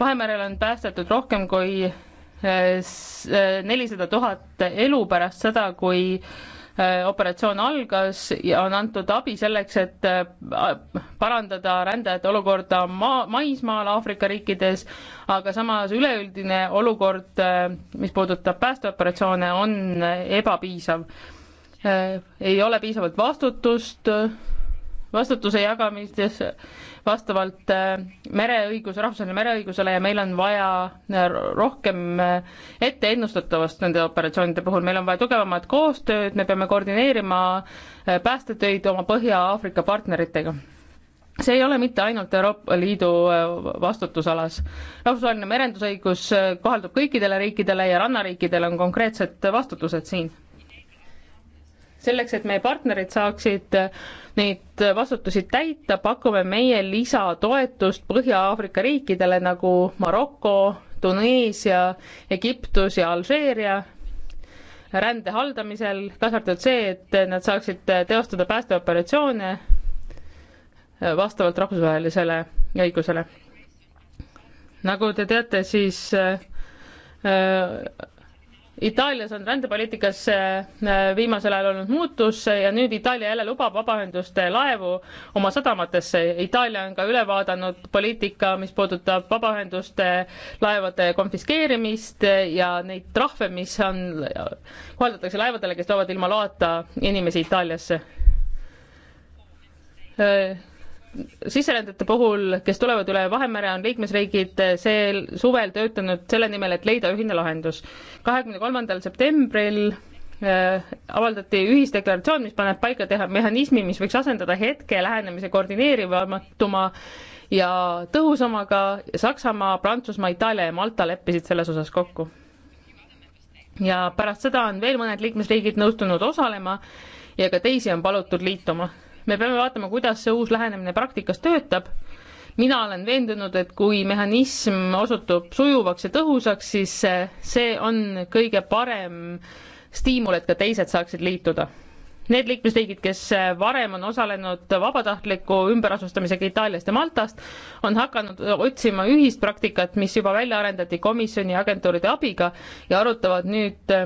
Vahemerel on päästetud rohkem kui nelisada tuhat elu pärast seda, kui äh, operatsioon algas ja on antud abi selleks, et äh, parandada rändajate olukorda maa, maismaal Aafrika riikides, aga samas üleüldine olukord, äh, mis puudutab päästeoperatsioone, on ebapiisav. ei ole piisavalt vastutust, vastutuse jagamistes vastavalt äh, mereõiguse, rahvusvahelisele mereõigusele ja meil on vaja äh, rohkem äh, ette ennustatavust nende operatsioonide puhul, meil on vaja tugevamat koostööd, me peame koordineerima päästetöid oma Põhja-Aafrika partneritega see ei ole mitte ainult Euroopa Liidu vastutusalas. rahvusvaheline merendusõigus kohaldub kõikidele riikidele ja rannariikidel on konkreetsed vastutused siin. selleks, et meie partnerid saaksid neid vastutusi täita, pakume meie lisatoetust Põhja-Aafrika riikidele nagu Maroko, Tuneesia, Egiptus ja Alžeeria rände haldamisel, kaasa arvatud see, et nad saaksid teostada päästeoperatsioone vastavalt rahvusvahelisele õigusele. nagu te teate, siis äh, Itaalias on rändepoliitikas äh, äh, viimasel ajal olnud muutus ja nüüd Itaalia jälle lubab vabaühenduste laevu oma sadamatesse. Itaalia on ka üle vaadanud poliitika, mis puudutab vabaühenduste laevade konfiskeerimist ja neid trahve, mis on, kohaldatakse laevadele, kes toovad ilma loata inimesi Itaaliasse äh, sisserändajate puhul, kes tulevad üle Vahemere, on liikmesriigid eh, sel suvel töötanud selle nimel, et leida ühine lahendus. kahekümne kolmandal septembril äh, avaldati ühisdeklaratsioon, mis paneb paika teha mehhanismi, mis võiks asendada hetke lähenemise koordineerivamatuma ja tõhusamaga Saksamaa, Prantsusmaa, Itaalia ja Malta leppisid selles osas kokku. ja pärast seda on veel mõned liikmesriigid nõustunud osalema ja ka teisi on palutud liituma me peame vaatama, kuidas see uus lähenemine praktikas töötab. mina olen veendunud, et kui mehhanism osutub sujuvaks ja tõhusaks, siis see on kõige parem stiimul, et ka teised saaksid liituda. Need liikmesriigid, kes varem on osalenud vabatahtliku ümberasustamisega Itaaliast ja Maltast, on hakanud otsima ühist praktikat, mis juba välja arendati komisjoni ja agentuuride abiga ja arutavad nüüd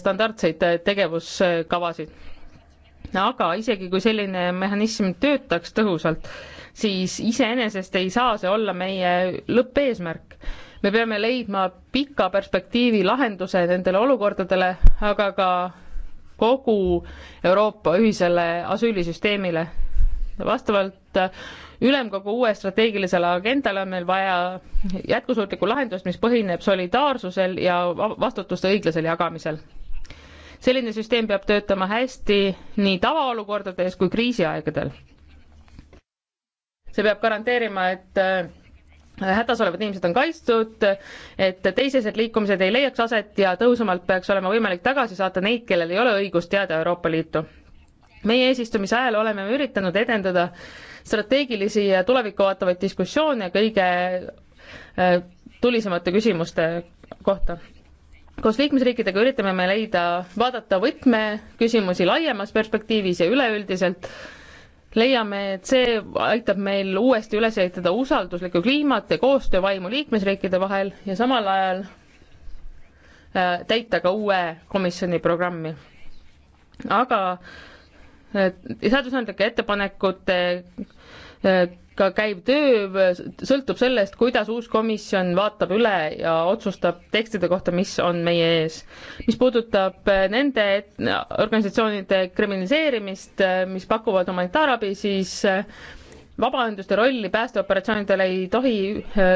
standardseid tegevuskavasid aga isegi kui selline mehhanism töötaks tõhusalt, siis iseenesest ei saa see olla meie lõppeesmärk. me peame leidma pika perspektiivi lahenduse nendele olukordadele, aga ka kogu Euroopa ühisele asüülisüsteemile. vastavalt ülemkogu uue strateegilisele agendale on meil vaja jätkusuutlikku lahendust, mis põhineb solidaarsusel ja vastutuste õiglasel jagamisel selline süsteem peab töötama hästi nii tavaolukordades kui kriisiaegadel. see peab garanteerima, et äh, hädas olevad inimesed on kaitstud, et teisesed liikumised ei leiaks aset ja tõhusamalt peaks olema võimalik tagasi saata neid, kellel ei ole õigust jääda Euroopa Liitu. meie eesistumise ajal oleme üritanud edendada strateegilisi ja tulevikku vaatavaid diskussioone kõige äh, tulisemate küsimuste kohta koos liikmesriikidega üritame me leida, vaadata võtmeküsimusi laiemas perspektiivis ja üleüldiselt leiame, et see aitab meil uuesti üles ehitada usalduslikku kliimat ja koostöövaimu liikmesriikide vahel ja samal ajal äh, täita ka uue komisjoni programmi. aga äh, seadusandlike ettepanekute äh, ka käiv töö sõltub sellest, kuidas uus komisjon vaatab üle ja otsustab tekstide kohta, mis on meie ees. mis puudutab äh, nende organisatsioonide kriminaliseerimist, äh, mis pakuvad humanitaarabi, siis äh, vabaühenduste rolli päästeoperatsioonidel ei tohi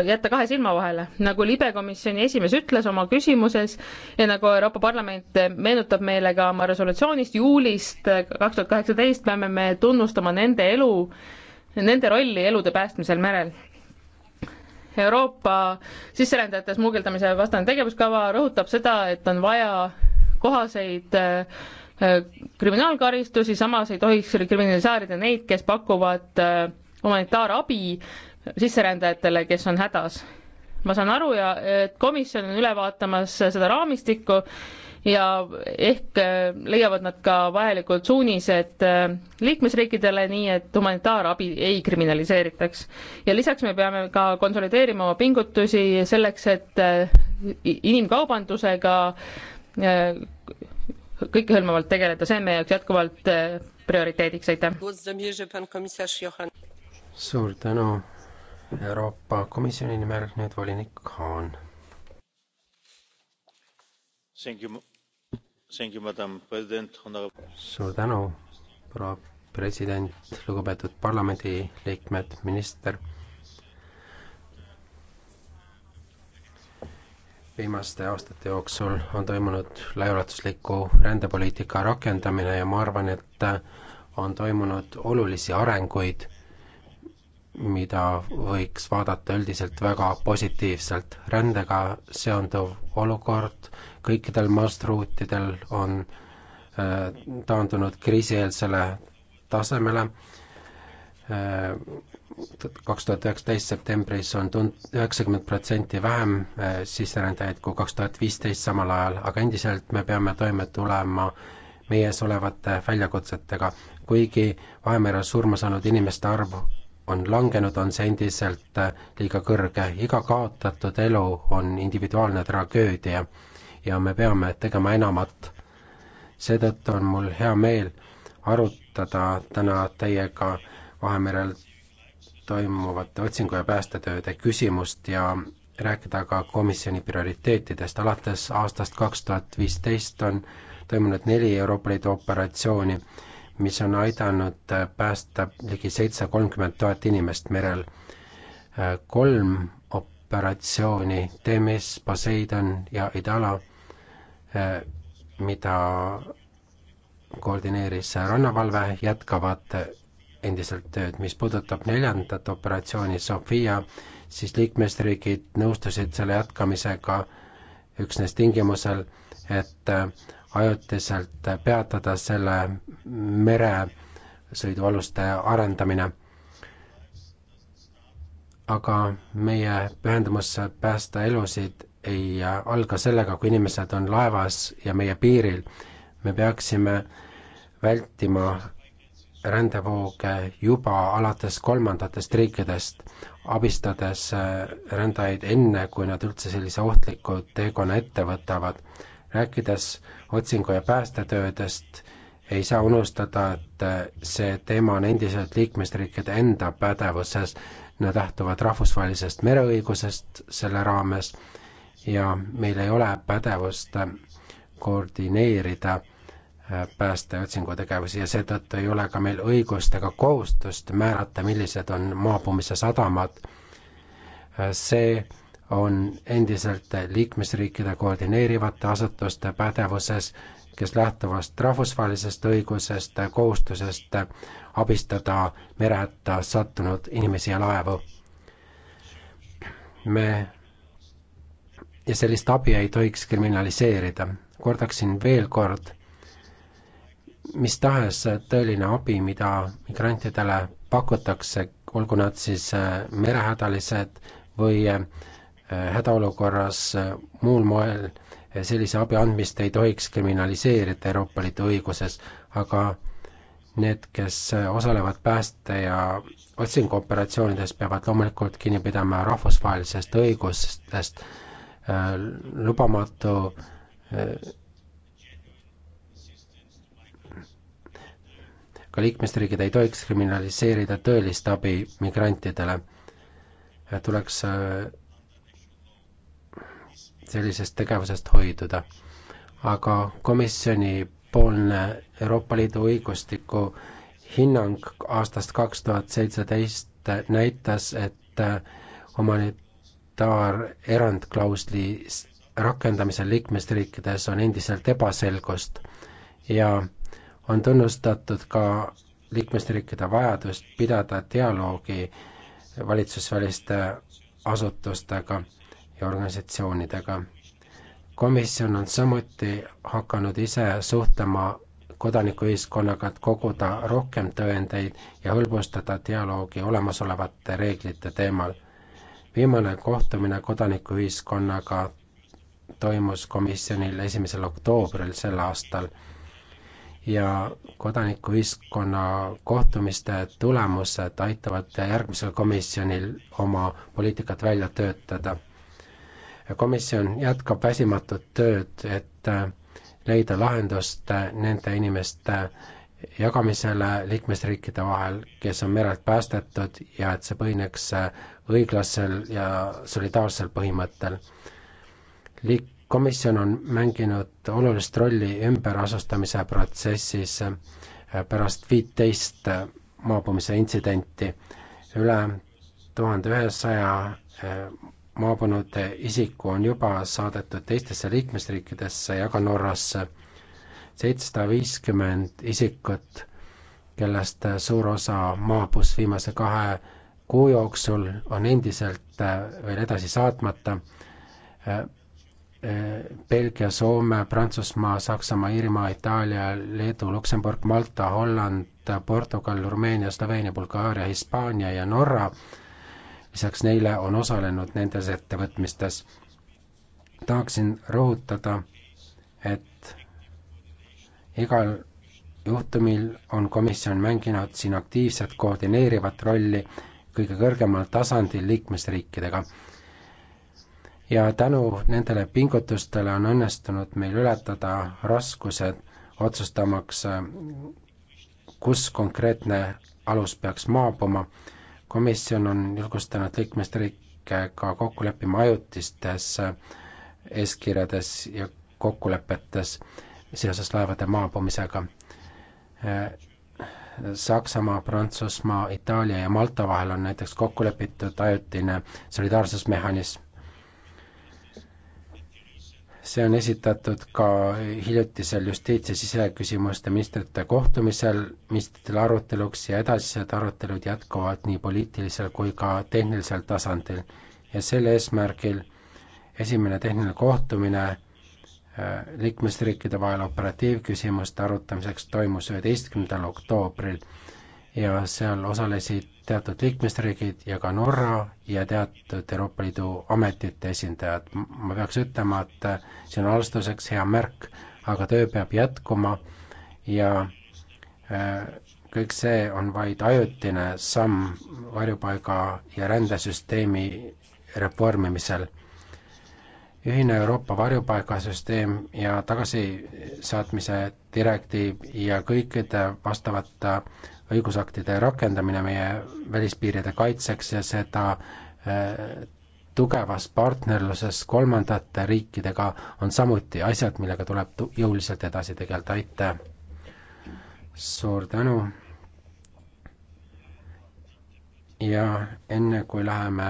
jätta kahe silma vahele. nagu libekomisjoni esimees ütles oma küsimuses ja nagu Euroopa Parlament meenutab meile ka oma resolutsioonist juulist kaks tuhat kaheksateist, peame me tunnustama nende elu, nende rolli elude päästmisel merel. Euroopa sisserändajate smugeldamise vastane tegevuskava rõhutab seda, et on vaja kohaseid äh, äh, kriminaalkaristusi, samas ei tohiks kriminaliseerida neid, kes pakuvad äh, humanitaarabi sisserändajatele, kes on hädas. ma saan aru ja et komisjon on üle vaatamas seda raamistikku ja ehk äh, leiavad nad ka vajalikud suunised äh, liikmesriikidele, nii et humanitaarabi ei kriminaliseeritaks. ja lisaks me peame ka konsolideerima oma pingutusi selleks, et äh, inimkaubandusega kõikehõlmavalt tegeleda, see on meie jaoks jätkuvalt prioriteediks, aitäh. suur tänu Euroopa Komisjoni nimel, nüüd volinik Haan suur tänu, proua president, lugupeetud parlamendiliikmed, minister. viimaste aastate jooksul on toimunud laiaulatusliku rändepoliitika rakendamine ja ma arvan, et on toimunud olulisi arenguid mida võiks vaadata üldiselt väga positiivselt. rändega seonduv olukord kõikidel marsruutidel on äh, taandunud kriisieelsele tasemele. Äh, kaks tuhat üheksateist septembris on tund-, üheksakümmend protsenti vähem äh, sisserändajaid kui kaks tuhat viisteist samal ajal, aga endiselt me peame toime tulema meie ees olevate väljakutsetega, kuigi Vahemere surma saanud inimeste arv on langenud, on see endiselt äh, liiga kõrge. iga kaotatud elu on individuaalne tragöödia ja me peame tegema enamat. seetõttu on mul hea meel arutada täna teiega Vahemerel toimuvate otsingu- ja päästetööde küsimust ja rääkida ka komisjoni prioriteetidest. alates aastast kaks tuhat viisteist on toimunud neli Euroopa Liidu operatsiooni mis on aidanud päästa ligi seitsesada kolmkümmend tuhat inimest merel. kolm operatsiooni, Themis, Poseidon ja Idala, mida koordineeris rannavalve, jätkavad endiselt tööd. mis puudutab neljandat operatsiooni Sofia, siis liikmesriigid nõustusid selle jätkamisega üksnes tingimusel, et ajutiselt peatada selle meresõidualuste arendamine. aga meie pühendumus päästa elusid ei alga sellega, kui inimesed on laevas ja meie piiril. me peaksime vältima rändevooge juba alates kolmandatest riikidest, abistades rändajaid enne, kui nad üldse sellise ohtliku teekonna ette võtavad rääkides otsingu- ja päästetöödest, ei saa unustada, et see teema on endiselt liikmesriikide enda pädevuses, nad lähtuvad rahvusvahelisest mereõigusest selle raames ja meil ei ole pädevust koordineerida äh, pääste- ja otsingutegevusi ja seetõttu ei ole ka meil õigust ega kohustust määrata, millised on maabumise sadamad. Äh, see on endiselt liikmesriikide koordineerivate asutuste pädevuses, kes lähtuvast rahvusvahelisest õigusest, kohustusest abistada merehätta sattunud inimesi ja laevu. me ja sellist abi ei tohiks kriminaliseerida. kordaksin veel kord, mis tahes tõeline abi, mida migrantidele pakutakse, olgu nad siis äh, merehädalised või äh, Äh, hädaolukorras äh, muul moel äh, sellise abi andmist ei tohiks kriminaliseerida Euroopa Liidu õiguses, aga need, kes osalevad pääste- ja otsinguoperatsioonides, peavad loomulikult kinni pidama rahvusvahelisest õigustest, lubamatu ka liikmesriigid ei tohiks kriminaliseerida tõelist abi migrantidele. tuleks sellisest tegevusest hoiduda. aga komisjoni poolne Euroopa Liidu õigustiku hinnang aastast kaks tuhat seitseteist näitas, et äh, humanitaarerandklausli rakendamisel liikmesriikides on endiselt ebaselgust ja on tunnustatud ka liikmesriikide vajadust pidada dialoogi valitsusväliste asutustega ja organisatsioonidega. komisjon on samuti hakanud ise suhtlema kodanikuühiskonnaga, et koguda rohkem tõendeid ja hõlbustada dialoogi olemasolevate reeglite teemal. viimane kohtumine kodanikuühiskonnaga toimus komisjonil esimesel oktoobril sel aastal ja kodanikuühiskonna kohtumiste tulemused aitavad järgmisel komisjonil oma poliitikat välja töötada komisjon jätkab väsimatut tööd, et äh, leida lahendust äh, nende inimeste äh, jagamisele liikmesriikide vahel, kes on merelt päästetud ja et see põhineks õiglasel ja solidaarsel põhimõttel. liik-, komisjon on mänginud olulist rolli ümberasustamise protsessis pärast viiteist maabumise intsidenti. üle tuhande ühesaja maabunud isiku on juba saadetud teistesse liikmesriikidesse ja ka Norrasse. seitsesada viiskümmend isikut, kellest suur osa maabus viimase kahe kuu jooksul, on endiselt äh, veel edasi saatmata. Äh, äh, Belgia, Soome, Prantsusmaa, Saksamaa, Iirimaa, Itaalia, Leedu, Luksemburg, Malta, Holland, Portugal, Rumeenia, Sloveenia, Bulgaaria, Hispaania ja Norra lisaks neile on osalenud nendes ettevõtmistes. tahaksin rõhutada, et igal juhtumil on komisjon mänginud siin aktiivset koordineerivat rolli kõige kõrgemal tasandil liikmesriikidega. ja tänu nendele pingutustele on õnnestunud meil ületada raskused otsustamaks, kus konkreetne alus peaks maabuma komisjon on julgustanud liikmesriike ka kokku leppima ajutistes äh, eeskirjades ja kokkulepetes seoses laevade maabumisega. Äh, Saksamaa, Prantsusmaa, Itaalia ja Malta vahel on näiteks kokku lepitud ajutine solidaarsusmehhanism, see on esitatud ka hiljutisel justiits- ja siseküsimuste ministrite kohtumisel, ministritel aruteluks ja edasised arutelud jätkuvad nii poliitilisel kui ka tehnilisel tasandil. ja sel eesmärgil esimene tehniline kohtumine äh, liikmesriikide vahel operatiivküsimuste arutamiseks toimus üheteistkümnendal oktoobril ja seal osalesid teatud liikmesriigid ja ka Norra ja teatud Euroopa Liidu ametite esindajad. ma peaks ütlema, et see on alustuseks hea märk, aga töö peab jätkuma ja äh, kõik see on vaid ajutine samm varjupaiga ja rändesüsteemi reformimisel ühine Euroopa varjupaigasüsteem ja tagasisaatmise direktiiv ja kõikide vastavate õigusaktide rakendamine meie välispiiride kaitseks ja seda eh, tugevas partnerluses kolmandate riikidega on samuti asjad, millega tuleb jõuliselt edasi tegeleda, aitäh! suur tänu! ja enne, kui läheme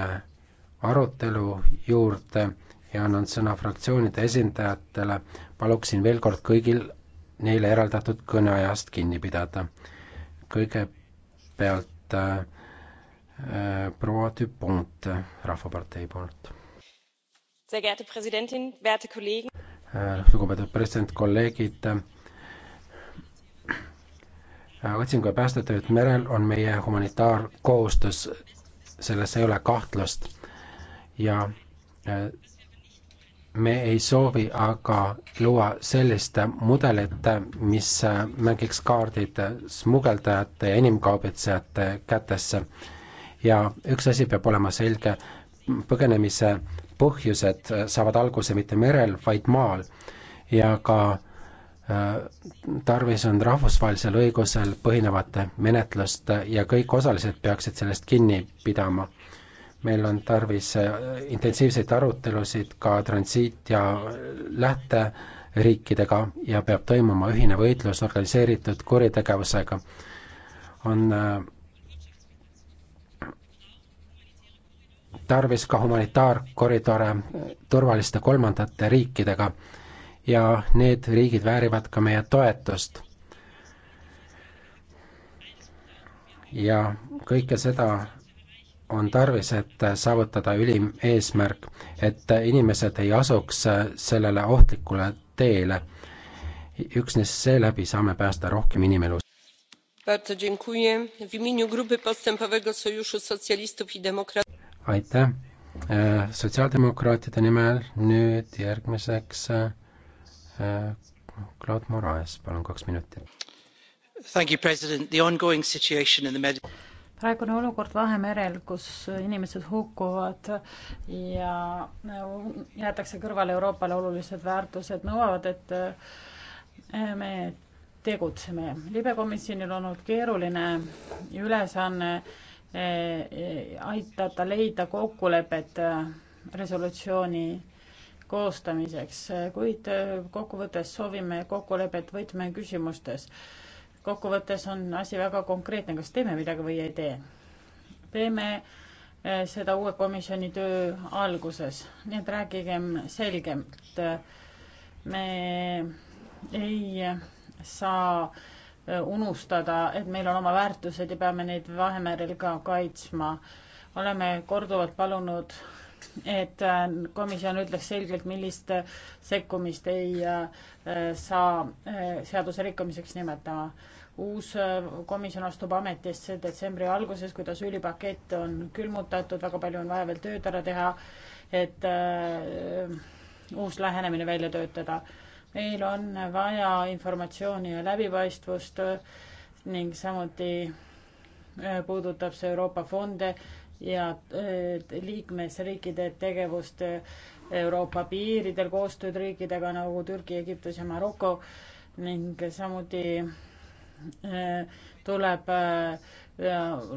arutelu juurde, ja annan sõna fraktsioonide esindajatele, paluksin veel kord kõigil neile eraldatud kõneajast kinni pidada. kõigepealt äh, proua Dupont äh, Rahvapartei poolt. Äh, lugupeetud president, kolleegid äh, otsingu- ja päästetööd merel on meie humanitaarkohustus, selles ei ole kahtlust. ja me ei soovi aga luua sellist mudelit, mis mängiks kaardid smugeldajate ja inimkaubitsejate kätesse. ja üks asi peab olema selge, põgenemise põhjused saavad alguse mitte merel, vaid maal ja ka äh, tarvis on rahvusvahelisel õigusel põhinevat menetlust ja kõik osalised peaksid sellest kinni pidama meil on tarvis äh, intensiivseid arutelusid ka transiit- ja äh, lähteriikidega ja peab toimuma ühine võitlus organiseeritud kuritegevusega. on äh, tarvis ka humanitaarkoridore turvaliste kolmandate riikidega ja need riigid väärivad ka meie toetust ja kõike seda on tarvis, et saavutada ülim eesmärk, et inimesed ei asuks sellele ohtlikule teele. üksnes seeläbi saame päästa rohkem inimelusid. aitäh, äh, sotsiaaldemokraatide nimel nüüd järgmiseks äh, Claude Moraes, palun kaks minutit. Thank you, president. The ongoing situation in the Mediterranean praegune olukord Vahemerel, kus inimesed hukkuvad ja jäetakse kõrvale Euroopale olulised väärtused, nõuavad, et eh, me tegutseme. libekomisjonil on olnud keeruline ülesanne eh, aidata leida kokkulepet eh, resolutsiooni koostamiseks, kuid kokkuvõttes soovime kokkulepet võtmeküsimustes kokkuvõttes on asi väga konkreetne, kas teeme midagi või ei tee. teeme eh, seda uue komisjoni töö alguses, nii et rääkigem selgelt. me ei saa eh, unustada, et meil on oma väärtused ja peame neid Vahemerel ka kaitsma. oleme korduvalt palunud, et eh, komisjon ütleks selgelt, millist sekkumist ei saa seaduse rikkumiseks nimetama uus äh, komisjon astub ametisse detsembri alguses, kuidas üülipakett on külmutatud, väga palju on vaja veel tööd ära teha, et äh, uus lähenemine välja töötada. meil on vaja informatsiooni ja läbipaistvust äh, ning samuti äh, puudutab see Euroopa fonde ja äh, liikmesriikide tegevust äh, Euroopa piiridel, koostööd riikidega nagu Türgi, Egiptus ja Maroko ning samuti tuleb äh,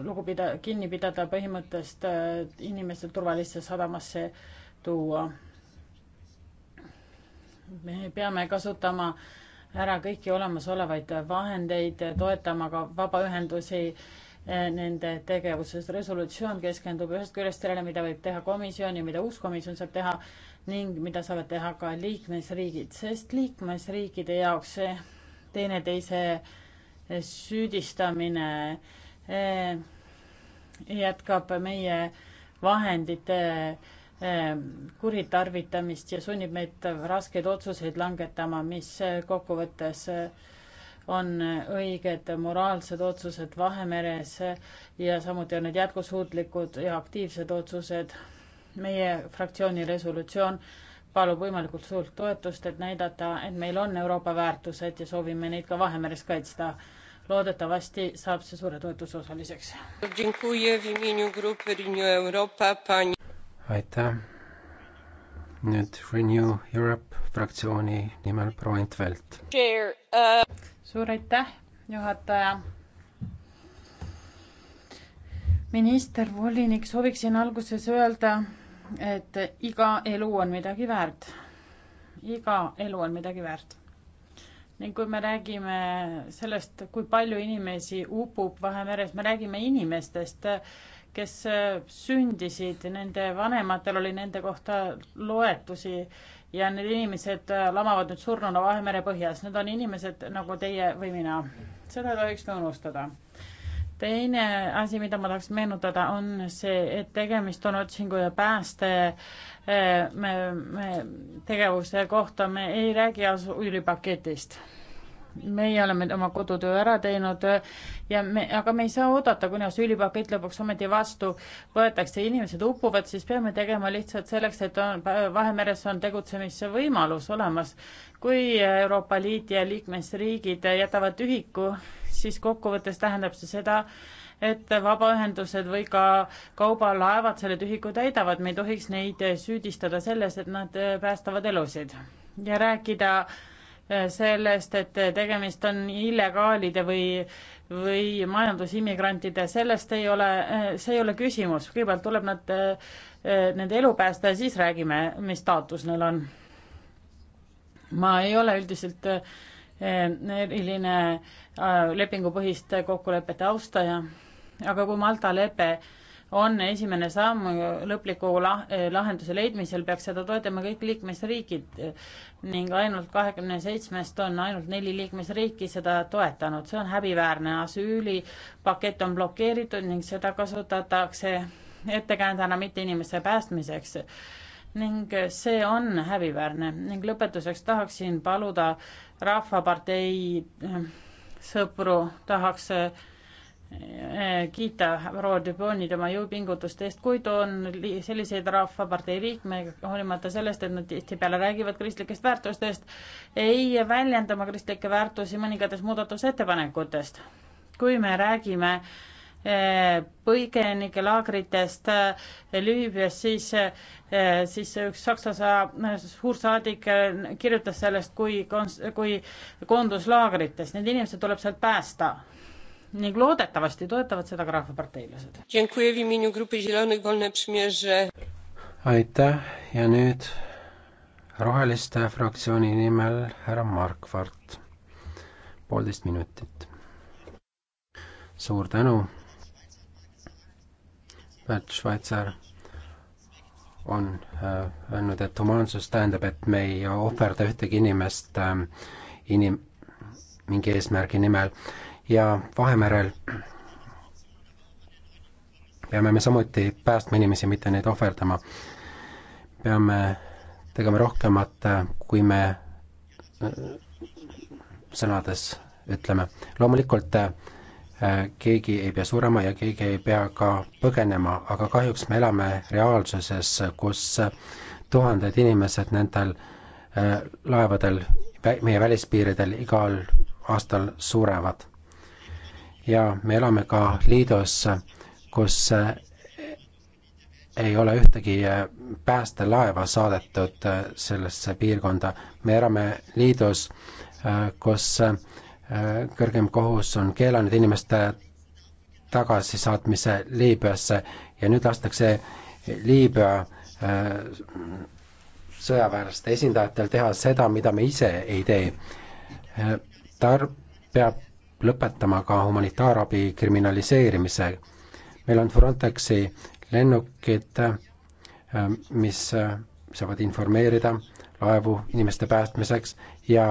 lugu pida-, kinni pidada põhimõttest äh, inimesed turvalisse sadamasse tuua. me peame kasutama ära kõiki olemasolevaid vahendeid, toetama ka vabaühendusi äh, nende tegevuses. resolutsioon keskendub ühest küljest sellele, mida võib teha komisjon ja mida uus komisjon saab teha ning mida saavad teha ka liikmesriigid, sest liikmesriikide jaoks teineteise süüdistamine eh, jätkab meie vahendite eh, kuritarvitamist ja sunnib meid raskeid otsuseid langetama, mis kokkuvõttes on õiged moraalsed otsused Vahemeres ja samuti on need jätkusuutlikud ja aktiivsed otsused. meie fraktsiooni resolutsioon palub võimalikult suurt toetust, et näidata, et meil on Euroopa väärtused ja soovime neid ka Vahemeres kaitsta loodetavasti saab see suure toetuse osaliseks. aitäh. nüüd Renew Europe fraktsiooni nimel proua Intvelt. Uh- suur aitäh, juhataja minister, volinik, sooviksin alguses öelda, et iga elu on midagi väärt. iga elu on midagi väärt ning kui me räägime sellest, kui palju inimesi upub Vahemeres, me räägime inimestest, kes sündisid, nende vanematel oli nende kohta loetusi ja need inimesed lamavad nüüd surnuna Vahemere põhjas, need on inimesed nagu teie või mina. seda ei tohiks ka unustada teine asi, mida ma tahaks meenutada, on see, et tegemist on otsingu ja pääste eh, me, me tegevuse kohta, me ei räägi asüülipaketist meie oleme oma kodutöö ära teinud ja me, aga me ei saa oodata, kuni asüülipakett lõpuks ometi vastu võetakse, inimesed upuvad, siis peame tegema lihtsalt selleks, et on, Vahemeres on tegutsemise võimalus olemas. kui Euroopa Liit ja liikmesriigid jätavad ühiku, siis kokkuvõttes tähendab see seda, et vabaühendused või ka kaubalaevad selle tühiku täidavad, me ei tohiks neid süüdistada selles, et nad päästavad elusid ja rääkida äh, Äh, sellest, et tegemist on illegaalide või, või majandusimmigrantide, sellest ei ole, äh, see ei ole küsimus, kõigepealt tuleb nad, äh, nende elu päästa ja siis räägime, mis staatus neil on. ma ei ole üldiselt eriline lepingupõhiste kokkulepete austaja, aga kui Malta lepe on esimene samm lõpliku lah eh, lahenduse leidmisel, peaks seda toetama kõik liikmesriigid ning ainult kahekümne seitsmest on ainult neli liikmesriiki seda toetanud, see on häbiväärne, asüülipakett on blokeeritud ning seda kasutatakse ettekäändena mitte inimeste päästmiseks ning see on häbiväärne ning lõpetuseks tahaksin paluda Rahvapartei eh, sõpru, tahaks eh, Eh, kiita proua Dubonid oma jõupingutuste eest, kuid on selliseid Rahvapartei liikme, hoolimata sellest, et nad tihtipeale räägivad kristlikest väärtustest, ei väljenda oma kristlikke väärtusi mõningatest muudatusettepanekutest. kui me räägime eh, põgenikelaagritest eh, Lüübias, siis, siis üks Saksa suursaadik kirjutas sellest, kui, kui koonduslaagrites, need inimesed tuleb sealt päästa ning loodetavasti toetavad seda ka rahvaparteilased. aitäh ja nüüd Roheliste fraktsiooni nimel härra Markvart, poolteist minutit. suur tänu. Bert Schweitzer on äh, öelnud, et humaansus tähendab, et me ei ohverda ühtegi inimest ähm, inim-, mingi eesmärgi nimel ja Vahemerel peame me samuti päästma inimesi, mitte neid ohverdama. peame tegema rohkemat, kui me äh, sõnades ütleme. loomulikult äh, keegi ei pea surema ja keegi ei pea ka põgenema, aga kahjuks me elame reaalsuses, kus tuhanded inimesed nendel äh, laevadel, meie välispiiridel igal aastal surevad ja me elame ka liidus, kus eh, ei ole ühtegi eh, päästelaeva saadetud eh, sellesse piirkonda. me elame liidus, kus kõrgem kohus on keelanud inimeste tagasisaatmise Liibüasse ja nüüd lastakse Liibüa sõjaväelaste esindajatel teha seda, mida me ise ei tee. tar-, peab peab lõpetama ka humanitaarabi kriminaliseerimise. meil on Frontexi lennukid, mis saavad informeerida laevu inimeste päästmiseks ja